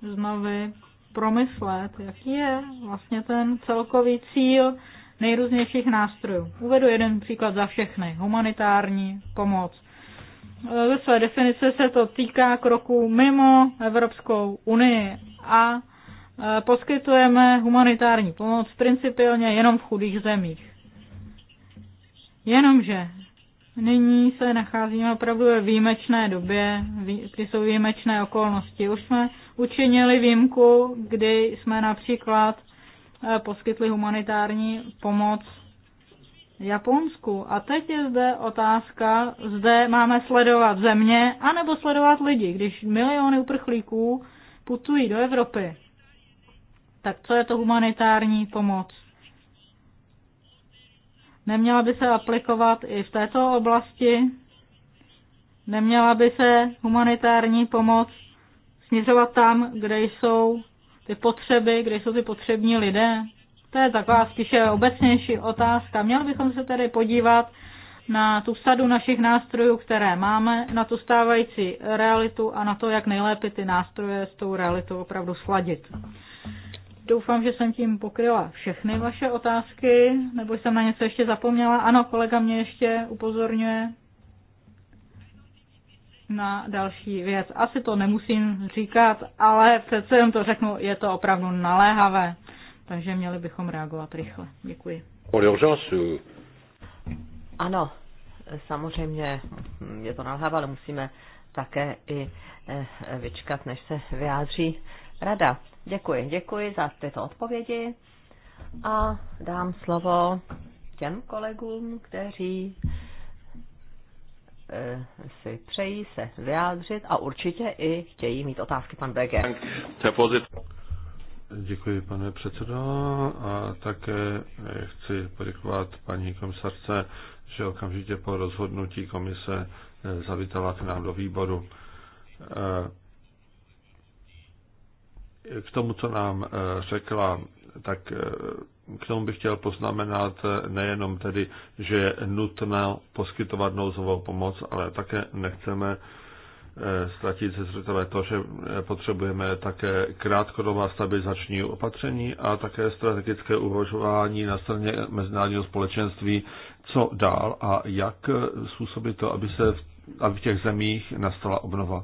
znovu promyslet, jaký je vlastně ten celkový cíl nejrůznějších nástrojů. Uvedu jeden příklad za všechny. Humanitární pomoc. Ve eh, své definice se to týká kroků mimo Evropskou unii a poskytujeme humanitární pomoc principiálně jenom v chudých zemích. Jenomže nyní se nacházíme opravdu ve výjimečné době, kdy jsou výjimečné okolnosti. Už jsme učinili výjimku, kdy jsme například eh, poskytli humanitární pomoc Japonsku. A teď je zde otázka, zde máme sledovat země, anebo sledovat lidi, když miliony uprchlíků putují do Evropy. Tak co je to humanitární pomoc? Neměla by se aplikovat i v této oblasti? Neměla by se humanitární pomoc směřovat tam, kde jsou ty potřeby, kde jsou ty potřební lidé? To je taková spíše obecnější otázka. Měli bychom se tedy podívat na tu sadu našich nástrojů, které máme, na tu stávající realitu a na to, jak nejlépe ty nástroje s tou realitou opravdu sladit. Doufám, že jsem tím pokryla všechny vaše otázky, nebo jsem na něco ještě zapomněla. Ano, kolega mě ještě upozorňuje na další věc. Asi to nemusím říkat, ale přece jen to řeknu, je to opravdu naléhavé, takže měli bychom reagovat rychle. Děkuji. Euh. Ano, samozřejmě je to naléhavé, ale musíme také i eh, vyčkat, než se vyjádří rada. Děkuji, děkuji za tyto odpovědi a dám slovo těm kolegům, kteří eh, si přejí se vyjádřit a určitě i chtějí mít otázky pan BG. Děkuji, pane předsedo, a také eh, chci poděkovat paní komisarce, že okamžitě po rozhodnutí komise eh, zavítala k nám do výboru. K tomu, co nám eh, řekla, tak eh, k tomu bych chtěl poznamenat eh, nejenom tedy, že je nutné poskytovat nouzovou pomoc, ale také nechceme ztratit ze zřetele to, že potřebujeme také krátkodobá stabilizační opatření a také strategické uvažování na straně mezinárodního společenství, co dál a jak způsobit to, aby se aby v těch zemích nastala obnova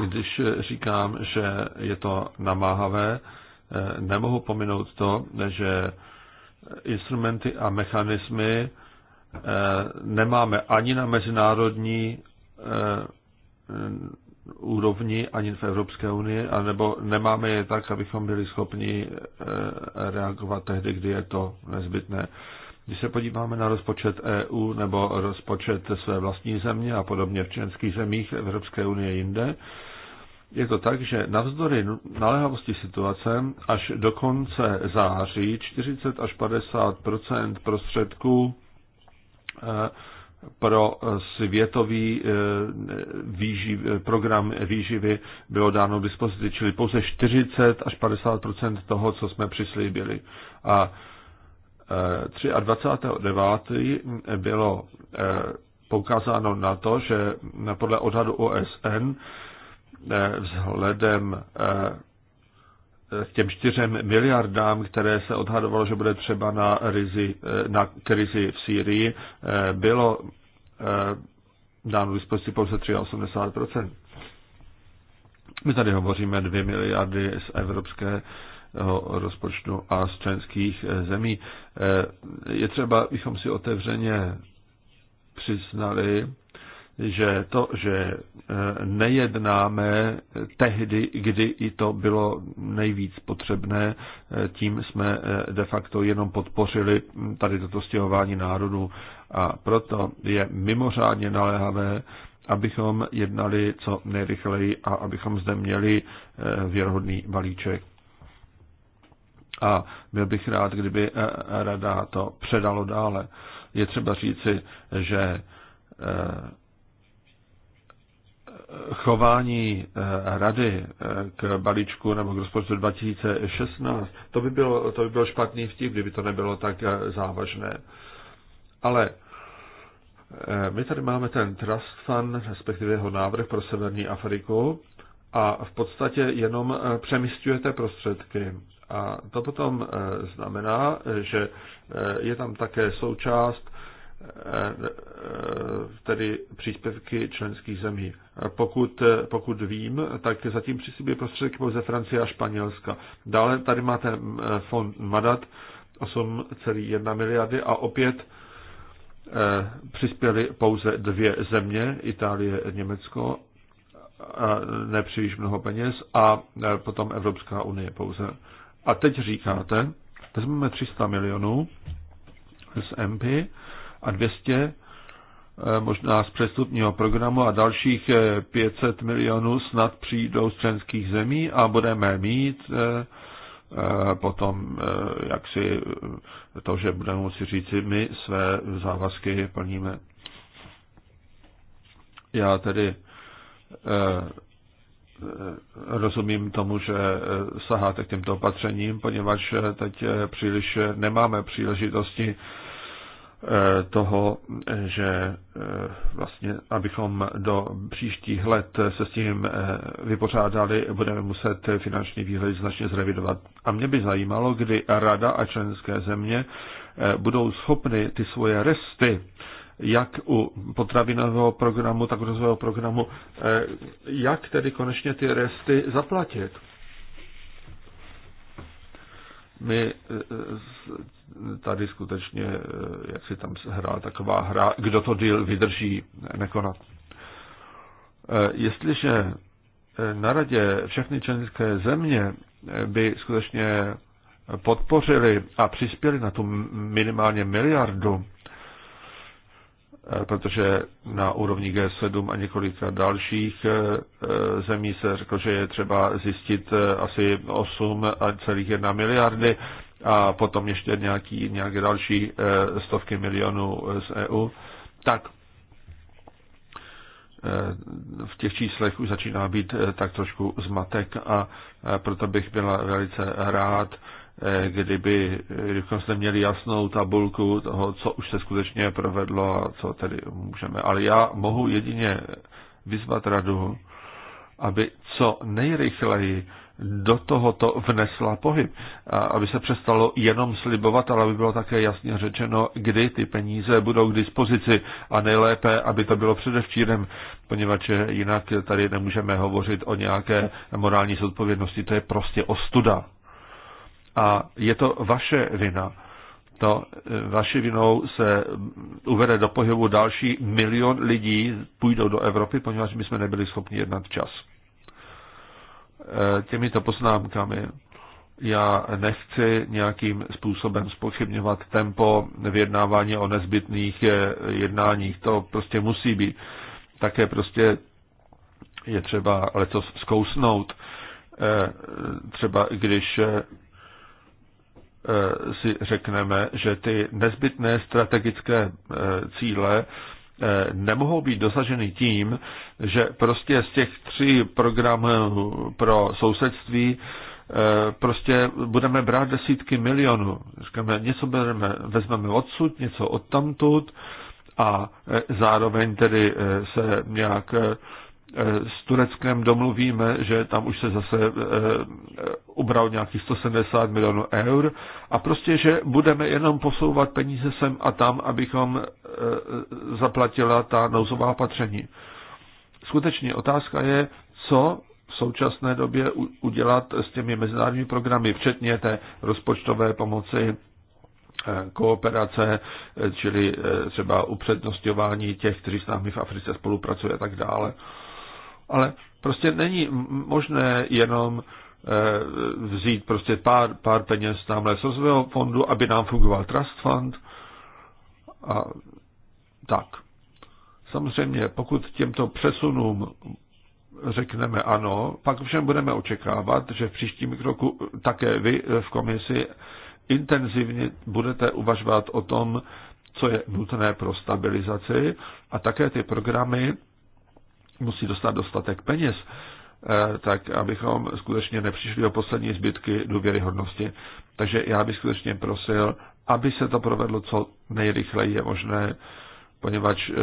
když říkám, že je to namáhavé, eh, nemohu pominout to, že instrumenty a mechanismy eh, nemáme ani na mezinárodní eh, úrovni, ani v Evropské unii, anebo nemáme je tak, abychom byli schopni reagovat tehdy, kdy je to nezbytné. Když se podíváme na rozpočet EU nebo rozpočet své vlastní země a podobně v členských zemích Evropské unie jinde, je to tak, že navzdory naléhavosti situace až do konce září 40 až 50 prostředků eh, pro světový eh, výživ, program výživy bylo dáno k dispozici, čili pouze 40 až 50 toho, co jsme přislíbili. A 23. Eh, bylo eh, poukázáno na to, že podle odhadu OSN eh, vzhledem k těm čtyřem miliardám, které se odhadovalo, že bude třeba na, rizi, na krizi v Sýrii, bylo dáno dispozici pouze 83%. My tady hovoříme 2 miliardy z Evropské rozpočtu a z členských eh, zemí. Eh, je třeba, bychom si otevřeně přiznali, že to, že eh, nejednáme tehdy, kdy i to bylo nejvíc potřebné, tím jsme de facto jenom podpořili hm, tady toto stěhování národů a proto je mimořádně naléhavé, abychom jednali co nejrychleji a abychom zde měli věrohodný balíček a byl bych rád, kdyby eh, rada to předalo dále. Je třeba říci, že eh, chování eh, rady k balíčku nebo k rozpočtu 2016, to by bylo, to by bylo špatný vtip, kdyby to nebylo tak závažné. Ale my tady máme ten Trust Fund, respektive jeho návrh pro Severní Afriku a v podstatě jenom přemysťujete prostředky. A to potom eh, znamená, že eh, je tam také součást eh, tedy příspěvky členských zemí. Pokud, pokud vím, tak zatím přisíbí prostředky pouze Francie a Španělska. Dále tady máte fond Madat 8,1 miliardy a opět přispěly pouze dvě země, Itálie a Německo, nepříliš mnoho peněz a potom Evropská unie pouze a teď říkáte, vezmeme 300 milionů z MP a 200 eh, možná z přestupního programu a dalších 500 eh, milionů snad přijdou z členských zemí a budeme mít eh, potom jak si to, že budeme moci říci, my své závazky plníme. Já tedy rozumím tomu, že saháte k těmto opatřením, poněvadž teď příliš nemáme příležitosti eh, toho, že eh, vlastně, abychom do příštích let se s tím eh, vypořádali, budeme muset finanční výhled značně zrevidovat. A mě by zajímalo, kdy Rada a členské země budou schopny ty svoje resty jak u potravinového programu, tak u rozvojového programu, eh, jak tedy konečně ty resty zaplatit. My eh, tady skutečně, eh, jak si tam hrála taková hra, kdo to díl vydrží nekonat. Jestliže na radě všechny členské země by skutečně podpořili a přispěli na tu minimálně miliardu, Eh, protože na úrovni G7 a několika dalších eh, eh, zemí se řeklo, že je třeba zjistit asi 8,1 miliardy a potom ještě nějaký, nějaké další stovky milionů z EU, tak v těch číslech už začíná být tak trošku zmatek a proto bych byla velice rád, Eh, kdyby, eh, kdybychom jsme měli jasnou tabulku toho, co už se skutečně provedlo a co tedy můžeme. Ale já mohu jedině vyzvat radu, aby co nejrychleji do tohoto vnesla pohyb. A aby se přestalo jenom slibovat, ale aby bylo také jasně řečeno, kdy ty peníze budou k dispozici a nejlépe, aby to bylo předevčírem, poněvadž jinak tady nemůžeme hovořit o nějaké morální zodpovědnosti. To je prostě ostuda. A je to vaše vina. To e, vaše vinou se uvede do pohybu další milion lidí, půjdou do Evropy, poněvadž my jsme nebyli schopni jednat čas. E, těmito poznámkami já nechci nějakým způsobem spochybňovat tempo vyjednávání o nezbytných e, jednáních. To prostě musí být. Také prostě je třeba letos zkousnout. Třeba když Eh, si řekneme, že ty nezbytné strategické eh, cíle eh, nemohou být dosaženy tím, že prostě z těch tří programů pro sousedství prostě budeme brát desítky milionů. Říkáme, něco bereme, vezmeme odsud, něco odtamtud a zároveň tedy se nějak Eh, s Tureckem domluvíme, že tam už se zase eh, eh, ubral nějakých 170 milionů eur a prostě, že budeme jenom posouvat peníze sem a tam, abychom zaplatila ta nouzová opatření. Skutečně otázka je, co v současné době udělat s těmi mezinárodními programy, včetně té rozpočtové pomoci kooperace, čili třeba upřednostňování těch, kteří s námi v Africe spolupracují a tak dále ale prostě není možné jenom eh, vzít prostě pár, pár peněz tamhle z rozvojového fondu, aby nám fungoval trust fund a tak. Samozřejmě, pokud těmto přesunům řekneme ano, pak všem budeme očekávat, že v příštím kroku také vy v komisi intenzivně budete uvažovat o tom, co je nutné pro stabilizaci a také ty programy musí dostat dostatek peněz, eh, tak abychom skutečně nepřišli o poslední zbytky důvěryhodnosti. Takže já bych skutečně prosil, aby se to provedlo co nejrychleji je možné, poněvadž eh,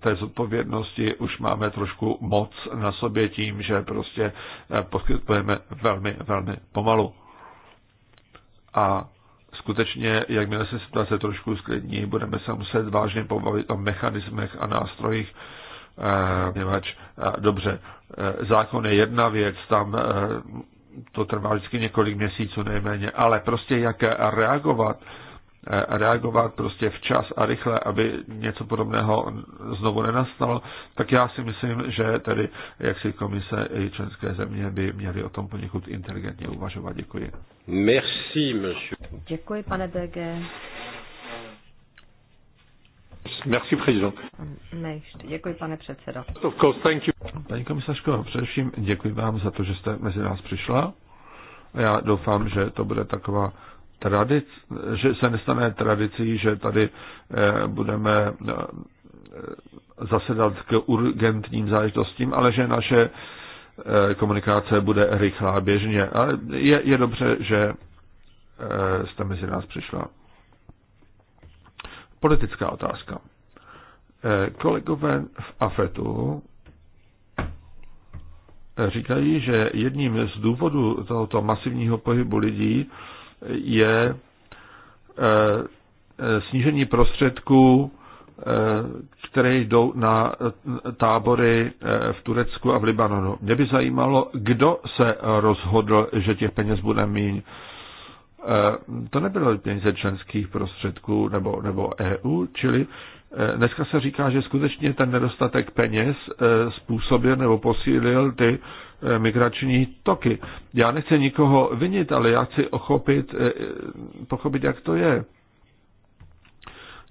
té zodpovědnosti už máme trošku moc na sobě tím, že prostě eh, poskytujeme velmi, velmi pomalu. A skutečně, jakmile se situace trošku sklidní, budeme se muset vážně pobavit o mechanismech a nástrojích, Eh, poněvadž eh, dobře, eh, zákon je jedna věc, tam to trvá vždycky několik měsíců nejméně, ale prostě jak reagovat, reagovat prostě včas a rychle, aby něco podobného znovu nenastalo, tak já si myslím, že tedy jak si komise i členské země by měly o tom poněkud inteligentně uvažovat. Děkuji. Merci, monsieur. Děkuji, pane DG. Merci, Děkuji, pane předsedo. Of course, thank you. Paní komisařko, především děkuji vám za to, že jste mezi nás přišla. Já doufám, že to bude taková tradic, že se nestane tradicí, že tady eh, budeme eh, zasedat k urgentním záležitostím, ale že naše eh, komunikace bude rychlá běžně. Ale je, je dobře, že jste mezi nás přišla politická otázka. Eh, kolegové v AFETu eh, říkají, že jedním z důvodů tohoto masivního pohybu lidí je eh, snížení prostředků, které jdou na tábory v Turecku a v Libanonu. Mě by zajímalo, kdo se rozhodl, že těch peněz bude méně. Eh, to nebylo peníze členských prostředků nebo, nebo EU, čili eh, dneska se říká, že skutečně ten nedostatek peněz eh, způsobil nebo posílil ty migrační toky. Já nechci nikoho vinit, ale já chci ochopit, pochopit, jak to je.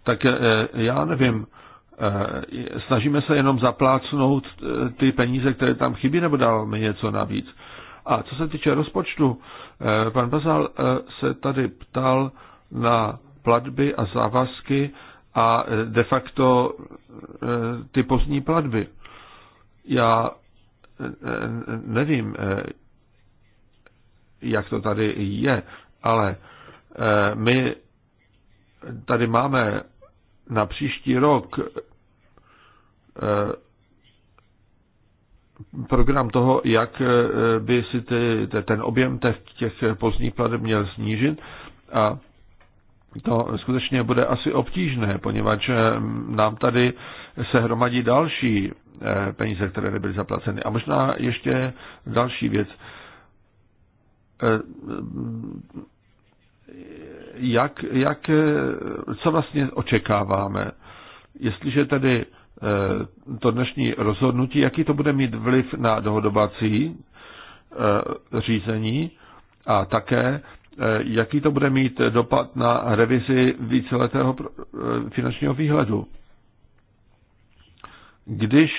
Tak já nevím, snažíme se jenom zaplácnout ty peníze, které tam chybí, nebo dáváme něco navíc. A co se týče rozpočtu, eh, pan Bazal eh, se tady ptal na platby a závazky a eh, de facto ty pozdní platby. Já nevím, jak to tady je, ale my tady máme na příští rok program toho, jak eh, by si ty, ten objem těch, těch pozdních plateb měl snížit a to skutečně bude asi obtížné, poněvadž eh, nám tady se hromadí další eh, peníze, které nebyly zaplaceny. A možná ještě další věc. Jak, jak, co vlastně očekáváme? Jestliže tedy Eh, to dnešní rozhodnutí, jaký to bude mít vliv na dohodovací eh, řízení a také eh, jaký to bude mít dopad na revizi víceletého finančního výhledu. Když,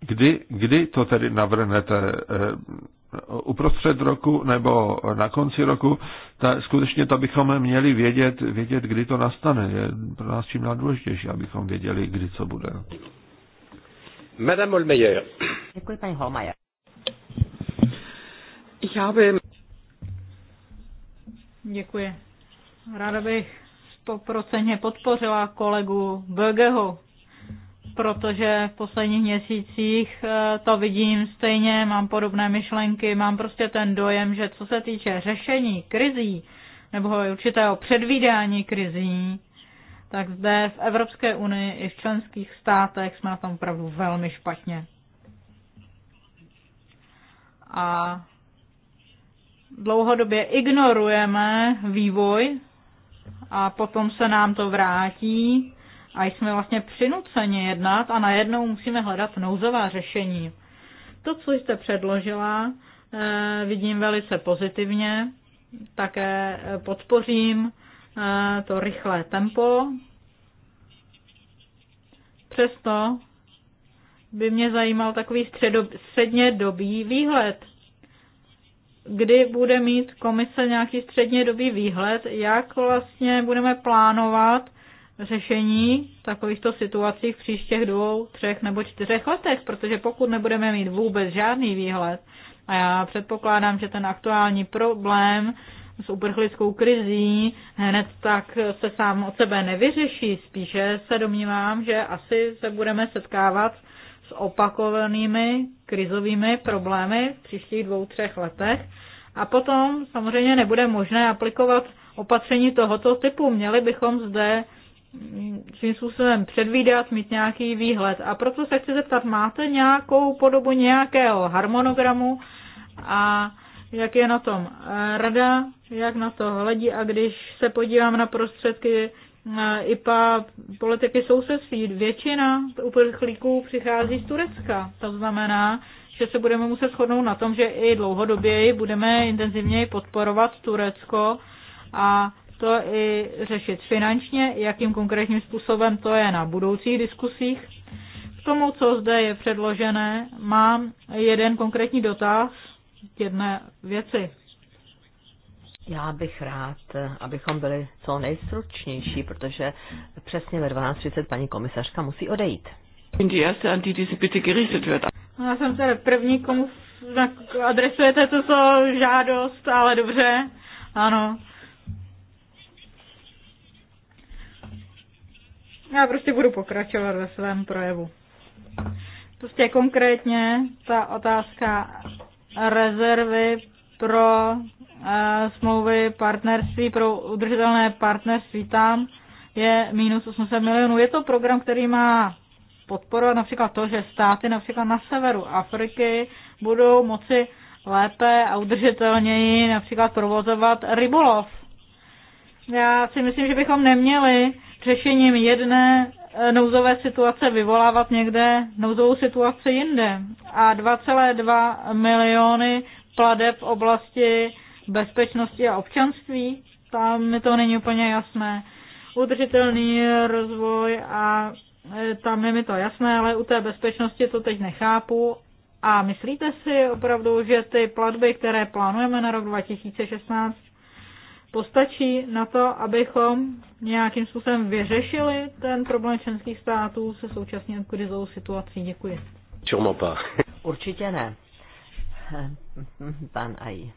kdy, kdy to tedy navrhnete uprostřed roku nebo na konci roku, ta, skutečně to bychom měli vědět, vědět, kdy to nastane. Je pro nás čím dál důležitější, abychom věděli, kdy co bude. Madame Holmeyer. Děkuji, paní Holmeyer. Já bych. Děkuji. Ráda bych stoprocentně podpořila kolegu Bögeho protože v posledních měsících eh, to vidím stejně, mám podobné myšlenky, mám prostě ten dojem, že co se týče řešení krizí nebo určitého předvídání krizí, tak zde v Evropské unii i v členských státech jsme na tom opravdu velmi špatně. A dlouhodobě ignorujeme vývoj a potom se nám to vrátí a jsme vlastně přinuceni jednat a najednou musíme hledat nouzová řešení. To, co jste předložila, eh, vidím velice pozitivně. Také eh, podpořím eh, to rychlé tempo. Přesto by mě zajímal takový středně střednědobý výhled. Kdy bude mít komise nějaký střednědobý výhled, jak vlastně budeme plánovat řešení takovýchto situací v příštích dvou, třech nebo čtyřech letech, protože pokud nebudeme mít vůbec žádný výhled, a já předpokládám, že ten aktuální problém s uprchlickou krizí hned tak se sám od sebe nevyřeší, spíše se domnívám, že asi se budeme setkávat s opakovanými krizovými problémy v příštích dvou, třech letech. A potom samozřejmě nebude možné aplikovat opatření tohoto typu. Měli bychom zde svým způsobem předvídat, mít nějaký výhled. A proto se chci zeptat, máte nějakou podobu nějakého harmonogramu a jak je na tom rada, jak na to hledí a když se podívám na prostředky IPA politiky sousedství, většina uprchlíků přichází z Turecka. To znamená, že se budeme muset shodnout na tom, že i dlouhodoběji budeme intenzivněji podporovat Turecko a to i řešit finančně, jakým konkrétním způsobem to je na budoucích diskusích. K tomu, co zde je předložené, mám jeden konkrétní dotaz k jedné věci. Já bych rád, abychom byli co nejstručnější, protože přesně ve 12.30 paní komisařka musí odejít. No, já jsem tedy první, komu adresujete tuto žádost, ale dobře, ano. Já prostě budu pokračovat ve svém projevu. Prostě konkrétně ta otázka rezervy pro e, smlouvy partnerství, pro udržitelné partnerství tam je minus 800 milionů. Je to program, který má podporovat například to, že státy například na severu Afriky budou moci lépe a udržitelněji například provozovat rybolov já si myslím, že bychom neměli řešením jedné eh, nouzové situace vyvolávat někde nouzovou situaci jinde. A 2,2 miliony pladeb v oblasti bezpečnosti a občanství, tam mi to není úplně jasné. Udržitelný rozvoj a eh, tam je mi to jasné, ale u té bezpečnosti to teď nechápu. A myslíte si opravdu, že ty platby, které plánujeme na rok 2016, postačí na to, abychom nějakým způsobem vyřešili ten problém členských států se současně krizovou situací? Děkuji. Určitě ne. Pan Ají.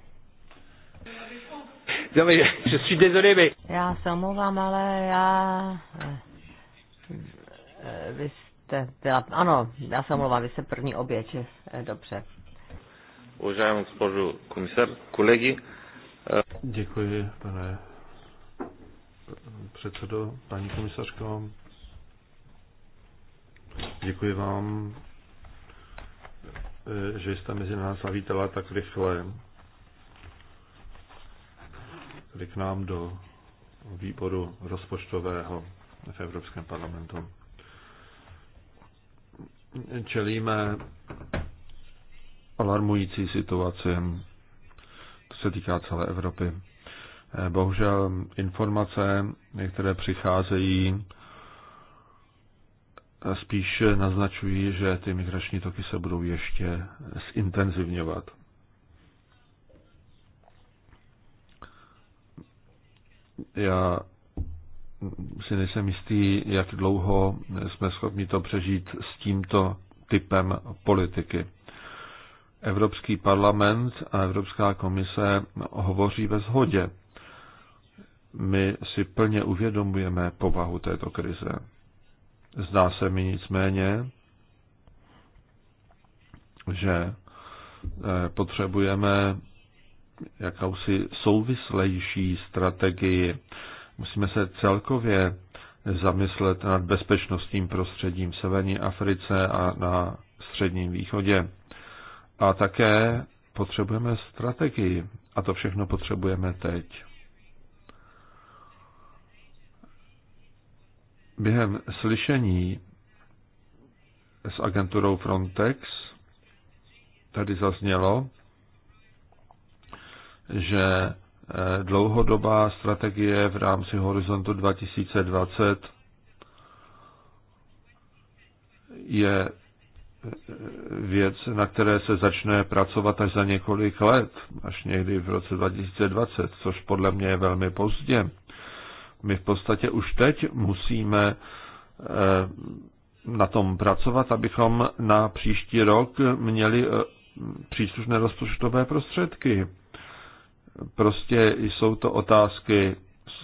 Já se omlouvám, ale já... Vy jste byla... Ano, já se omlouvám, vy jste první oběť. Dobře. Уважаема госпожо комисар, колеги, Děkuji, pane předsedo, paní komisařko. Děkuji vám, že jste mezi nás zavítala tak rychle tedy k nám do výboru rozpočtového v Evropském parlamentu. Čelíme alarmující situacím to se týká celé Evropy. Eh, bohužel informace, které přicházejí, eh, spíš naznačují, že ty migrační toky se budou ještě eh, zintenzivňovat. Já si nejsem jistý, jak dlouho jsme schopni to přežít s tímto typem politiky. Evropský parlament a Evropská komise hovoří ve shodě. My si plně uvědomujeme povahu této krize. Zdá se mi nicméně, že eh, potřebujeme jakousi souvislejší strategii. Musíme se celkově zamyslet nad bezpečnostním prostředím v Severní Africe a na Středním východě. A také potřebujeme strategii. A to všechno potřebujeme teď. Během slyšení s agenturou Frontex tady zaznělo, že eh, dlouhodobá strategie v rámci horizontu 2020 je věc, na které se začne pracovat až za několik let, až někdy v roce 2020, což podle mě je velmi pozdě. My v podstatě už teď musíme eh, na tom pracovat, abychom na příští rok měli eh, příslušné rozpočtové prostředky. Prostě jsou to otázky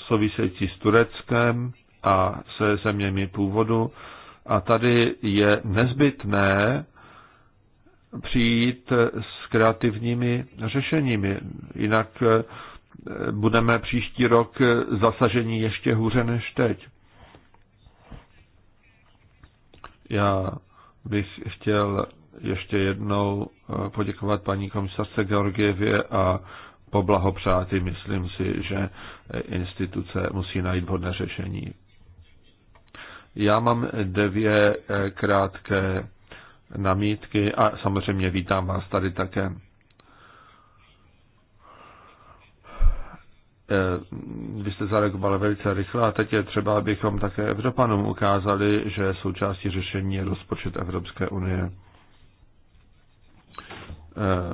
související s Tureckem a se zeměmi původu, a tady je nezbytné přijít s kreativními řešeními. Jinak eh, budeme příští rok zasaženi ještě hůře než teď. Já bych chtěl ještě jednou eh, poděkovat paní komisarce Georgievě a poblahopřáty. Myslím si, že instituce musí najít vhodné řešení. Já mám dvě eh, krátké namítky a samozřejmě vítám vás tady také. Eh, vy jste zareagovali velice rychle a teď je třeba, abychom také Evropanům ukázali, že součástí řešení je rozpočet Evropské unie. Eh,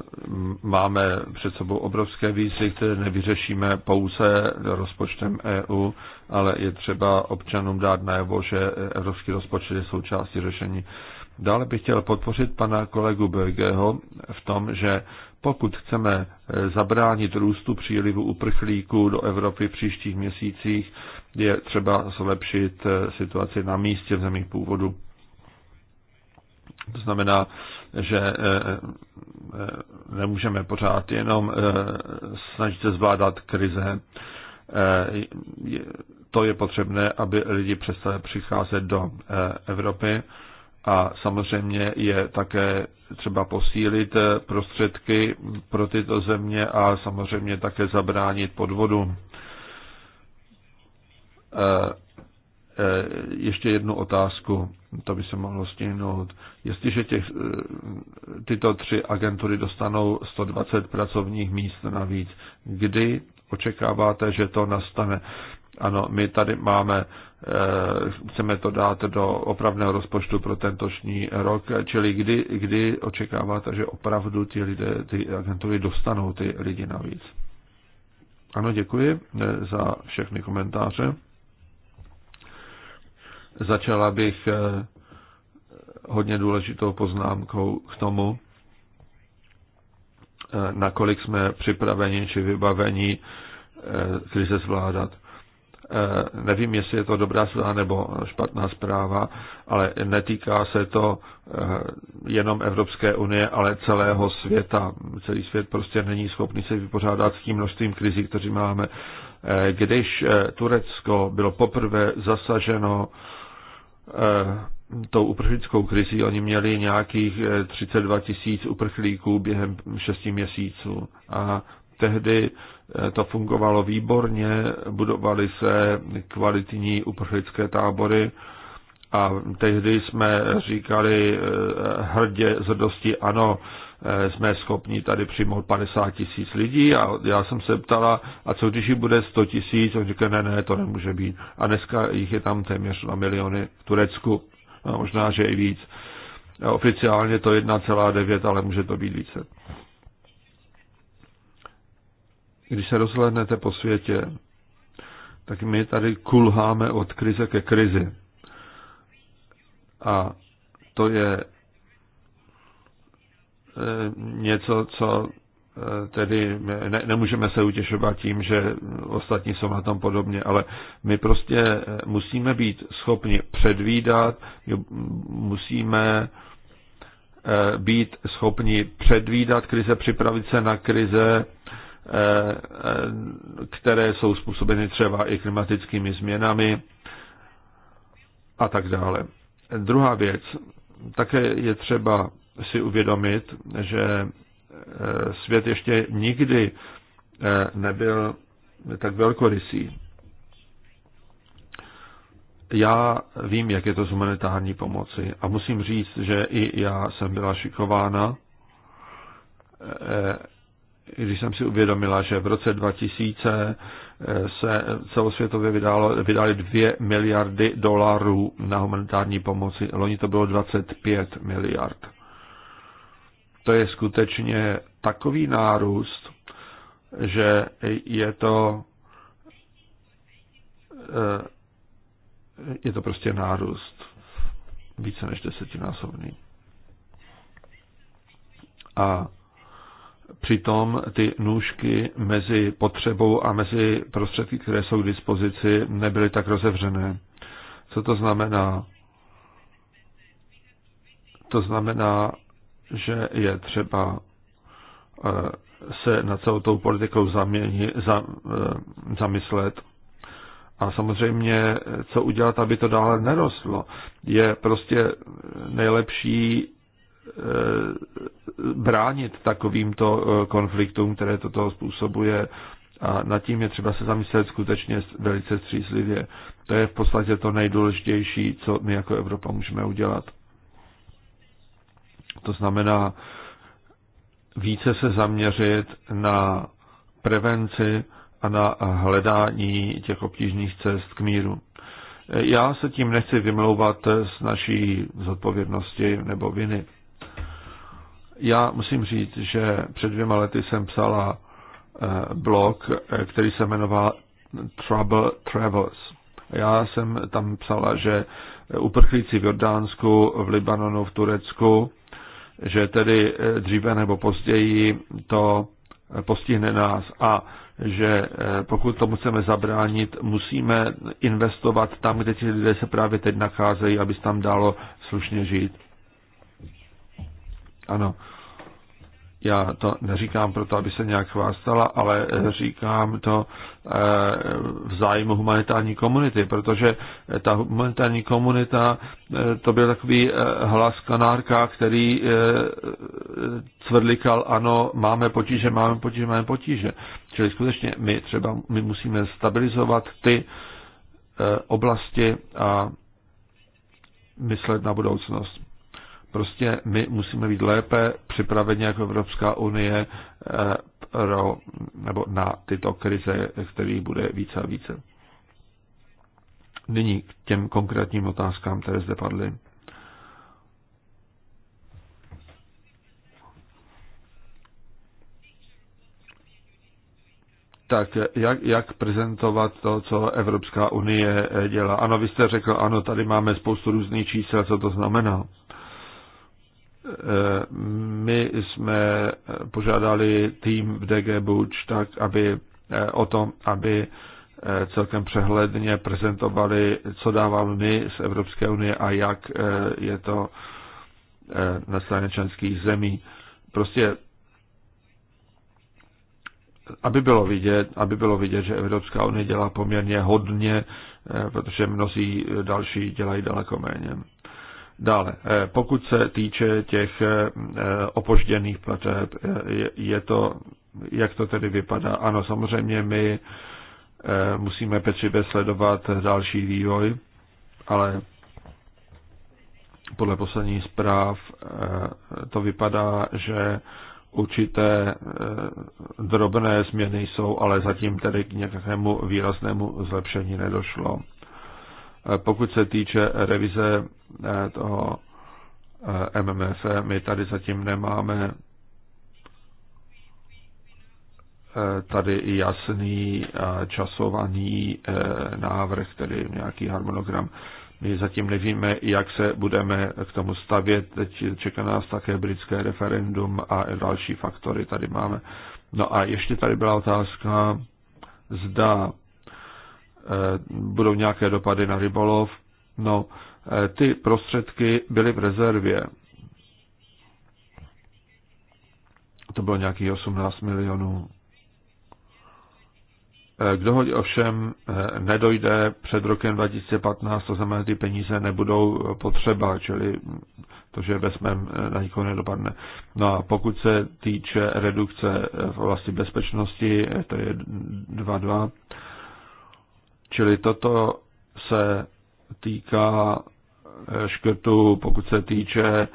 máme před sebou obrovské výzvy, které nevyřešíme pouze rozpočtem EU, ale je třeba občanům dát najevo, že evropský rozpočet je součástí řešení. Dále bych chtěl podpořit pana kolegu Bergeho v tom, že pokud chceme eh, zabránit růstu přílivu uprchlíků do Evropy v příštích měsících, je třeba zlepšit eh, situaci na místě v zemích původu. To znamená, že eh, eh, nemůžeme pořád jenom eh, snažit se zvládat krize. To je potřebné, aby lidi přestali přicházet do Evropy a samozřejmě je také třeba posílit prostředky pro tyto země a samozřejmě také zabránit podvodu. Eh, ještě jednu otázku, to by se mohlo stihnout. Jestliže těch, eh, tyto tři agentury dostanou 120 pracovních míst navíc, kdy očekáváte, že to nastane? Ano, my tady máme, eh, chceme to dát do opravného rozpočtu pro tentošní rok, čili kdy, kdy očekáváte, že opravdu ty, lidé, ty agentury dostanou ty lidi navíc? Ano, děkuji za všechny komentáře. Začala bych eh, hodně důležitou poznámkou k tomu, eh, nakolik jsme připraveni či vybaveni eh, krize zvládat. Nevím, jestli je to dobrá zpráva nebo špatná zpráva, ale netýká se to jenom Evropské unie, ale celého světa. Celý svět prostě není schopný se vypořádat s tím množstvím krizí, které máme. Když Turecko bylo poprvé zasaženo Eh, tou uprchlickou krizí. Oni měli nějakých 32 eh, tisíc uprchlíků během 6 měsíců a tehdy eh, to fungovalo výborně, budovaly se kvalitní uprchlické tábory a tehdy jsme říkali hrdě z ano, Eh, jsme schopni tady přijmout 50 tisíc lidí a já jsem se ptala, a co když jich bude 100 tisíc? On říká, ne, ne, to nemůže být. A dneska jich je tam téměř 2 miliony v Turecku, a možná, že i víc. Eh, oficiálně to 1,9, ale může to být více. Když se rozhlednete po světě, tak my tady kulháme od krize ke krizi. A to je E, něco, co e, tedy ne, nemůžeme se utěšovat tím, že ostatní jsou na tom podobně, ale my prostě e, musíme být schopni předvídat, musíme být schopni předvídat krize, připravit se na krize, které jsou způsobeny třeba i klimatickými změnami a tak dále. Druhá věc, také je třeba si uvědomit, že e, svět ještě nikdy e, nebyl tak velkorysý. Já vím, jak je to z humanitární pomoci a musím říct, že i já jsem byla šikována, e, když jsem si uvědomila, že v roce 2000 se celosvětově vydalo, vydali 2 miliardy dolarů na humanitární pomoci. Loni to bylo 25 miliard to je skutečně takový nárůst, že je to eh, je to prostě nárůst více než desetinásobný. A přitom ty nůžky mezi potřebou a mezi prostředky, které jsou k dispozici, nebyly tak rozevřené. Co to znamená? To znamená, že je třeba eh, se na celou tou politikou zaměni, za, eh, zamyslet. A samozřejmě, co udělat, aby to dále nerostlo, je prostě nejlepší eh, bránit takovýmto konfliktům, které toto způsobuje. A nad tím je třeba se zamyslet skutečně velice střízlivě. To je v podstatě to nejdůležitější, co my jako Evropa můžeme udělat. To znamená více se zaměřit na prevenci a na hledání těch obtížných cest k míru. Já se tím nechci vymlouvat z naší zodpovědnosti nebo viny. Já musím říct, že před dvěma lety jsem psala eh, blog, eh, který se jmenoval Trouble Travels. Já jsem tam psala, že uprchlíci v Jordánsku, v Libanonu, v Turecku že tedy eh, dříve nebo později to eh, postihne nás a že eh, pokud tomu chceme zabránit, musíme investovat tam, kde ti lidé se právě teď nacházejí, aby se tam dalo slušně žít. Ano, já to neříkám proto, aby se nějak chvástala, ale eh, říkám to eh, v zájmu humanitární komunity, protože eh, ta humanitární komunita to byl takový hlas kanárka, který cvrlikal, ano, máme potíže, máme potíže, máme potíže. Čili skutečně my třeba my musíme stabilizovat ty oblasti a myslet na budoucnost. Prostě my musíme být lépe připraveni jako Evropská unie eh, pro, nebo na tyto krize, kterých bude více a více. Nyní k těm konkrétním otázkám, které zde padly. tak jak, jak prezentovat to, co Evropská unie dělá? Ano, vy jste řekl, ano, tady máme spoustu různých čísel, co to znamená. Eh, my jsme požádali tým v DG Buč tak, aby eh, o tom, aby eh, celkem přehledně prezentovali, co dáváme my z Evropské unie a jak je to na straně členských zemí. Prostě aby bylo vidět, aby bylo vidět, že Evropská unie dělá poměrně hodně, protože mnozí další dělají daleko méně. Dále, eh, pokud se týče těch eh, eh, opožděných plateb, je to, jak to tedy vypadá? Ano, samozřejmě my musíme pečlivě sledovat další vývoj, ale podle posledních zpráv to vypadá, že určité drobné změny jsou, ale zatím tedy k nějakému výraznému zlepšení nedošlo. Eh, pokud se týče revize eh, toho eh, MMF, my tady zatím nemáme tady jasný časovaný návrh, tedy nějaký harmonogram. My zatím nevíme, jak se budeme k tomu stavět. Teď čeká nás také britské referendum a další faktory tady máme. No a ještě tady byla otázka, zda Eh, budou nějaké dopady na rybolov. No, eh, ty prostředky byly v rezervě. To bylo nějakých 18 milionů. Eh, k dohodě ovšem nedojde před rokem 2015, to znamená, ty peníze nebudou potřeba, čili to, že vezmem na nikoho nedopadne. No a pokud se týče redukce v oblasti bezpečnosti, to je 2.2, Čili toto se týká eh, škrtu, pokud se týče eh,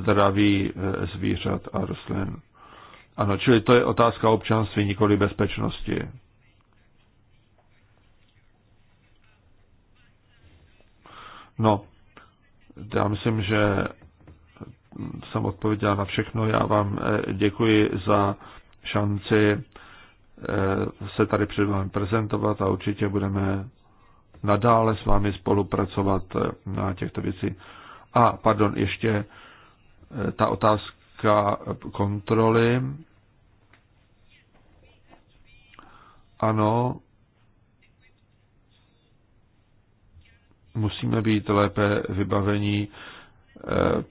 zdraví eh, zvířat a rostlin. Ano, čili to je otázka občanství, nikoli bezpečnosti. No, já myslím, že jsem odpověděl na všechno. Já vám děkuji za šanci Eh, se tady před vámi prezentovat a určitě budeme nadále s vámi spolupracovat eh, na těchto věcí. A, pardon, ještě eh, ta otázka kontroly. Ano, musíme být lépe vybavení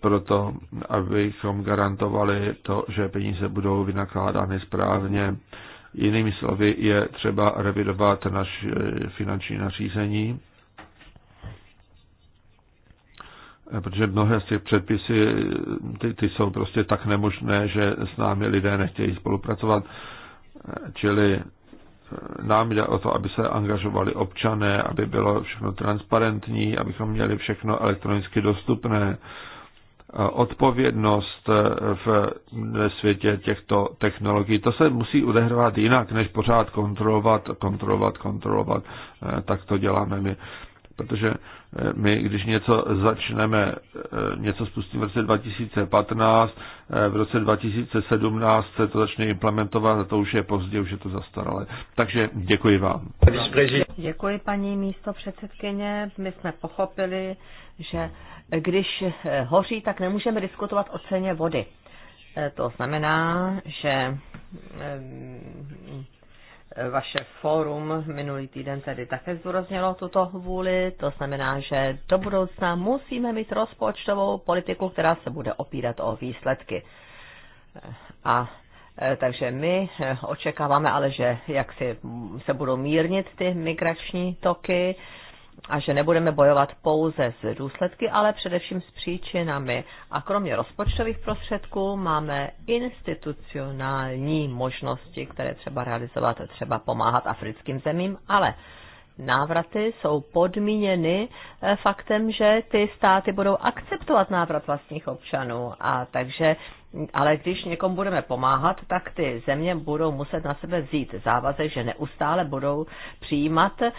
proto, abychom garantovali to, že peníze budou vynakládány správně Jinými slovy je třeba revidovat naš finanční nařízení, protože mnohé z těch předpisy ty, ty jsou prostě tak nemožné, že s námi lidé nechtějí spolupracovat. Čili eh, nám jde o to, aby se angažovali občané, aby bylo všechno transparentní, abychom měli všechno elektronicky dostupné, odpovědnost eh, v světě těchto technologií. To se musí odehrávat jinak, než pořád kontrolovat, kontrolovat, kontrolovat. Eh, tak to děláme my protože eh, my, když něco začneme, eh, něco spustíme v roce 2015, eh, v roce 2017 se to začne implementovat a to už je pozdě, už je to zastaralé. Takže děkuji vám. Děkuji paní místo předsedkyně. My jsme pochopili, že když hoří, tak nemůžeme diskutovat o ceně vody. To znamená, že vaše fórum minulý týden tedy také zdůraznilo tuto vůli, to znamená, že do budoucna musíme mít rozpočtovou politiku, která se bude opírat o výsledky. A e, takže my e, očekáváme ale, že jak se budou mírnit ty migrační toky, a že nebudeme bojovat pouze s důsledky, ale především s příčinami. A kromě rozpočtových prostředků máme institucionální možnosti, které třeba realizovat, třeba pomáhat africkým zemím, ale návraty jsou podmíněny eh, faktem, že ty státy budou akceptovat návrat vlastních občanů. A takže, ale když někomu budeme pomáhat, tak ty země budou muset na sebe vzít závazek, že neustále budou přijímat eh,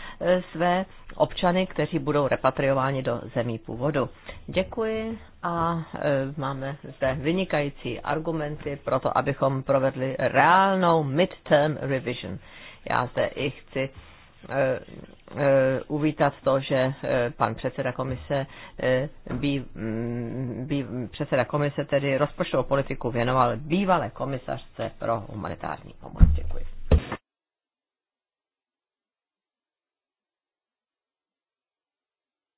své občany, kteří budou repatriováni do zemí původu. Děkuji a eh, máme zde vynikající argumenty pro to, abychom provedli reálnou midterm revision. Já zde i chci Eh, eh, uvítat to, že eh, pan předseda komise, bý, mm, bý, předseda komise tedy rozpočtovou politiku věnoval bývalé komisařce pro humanitární pomoc. Děkuji.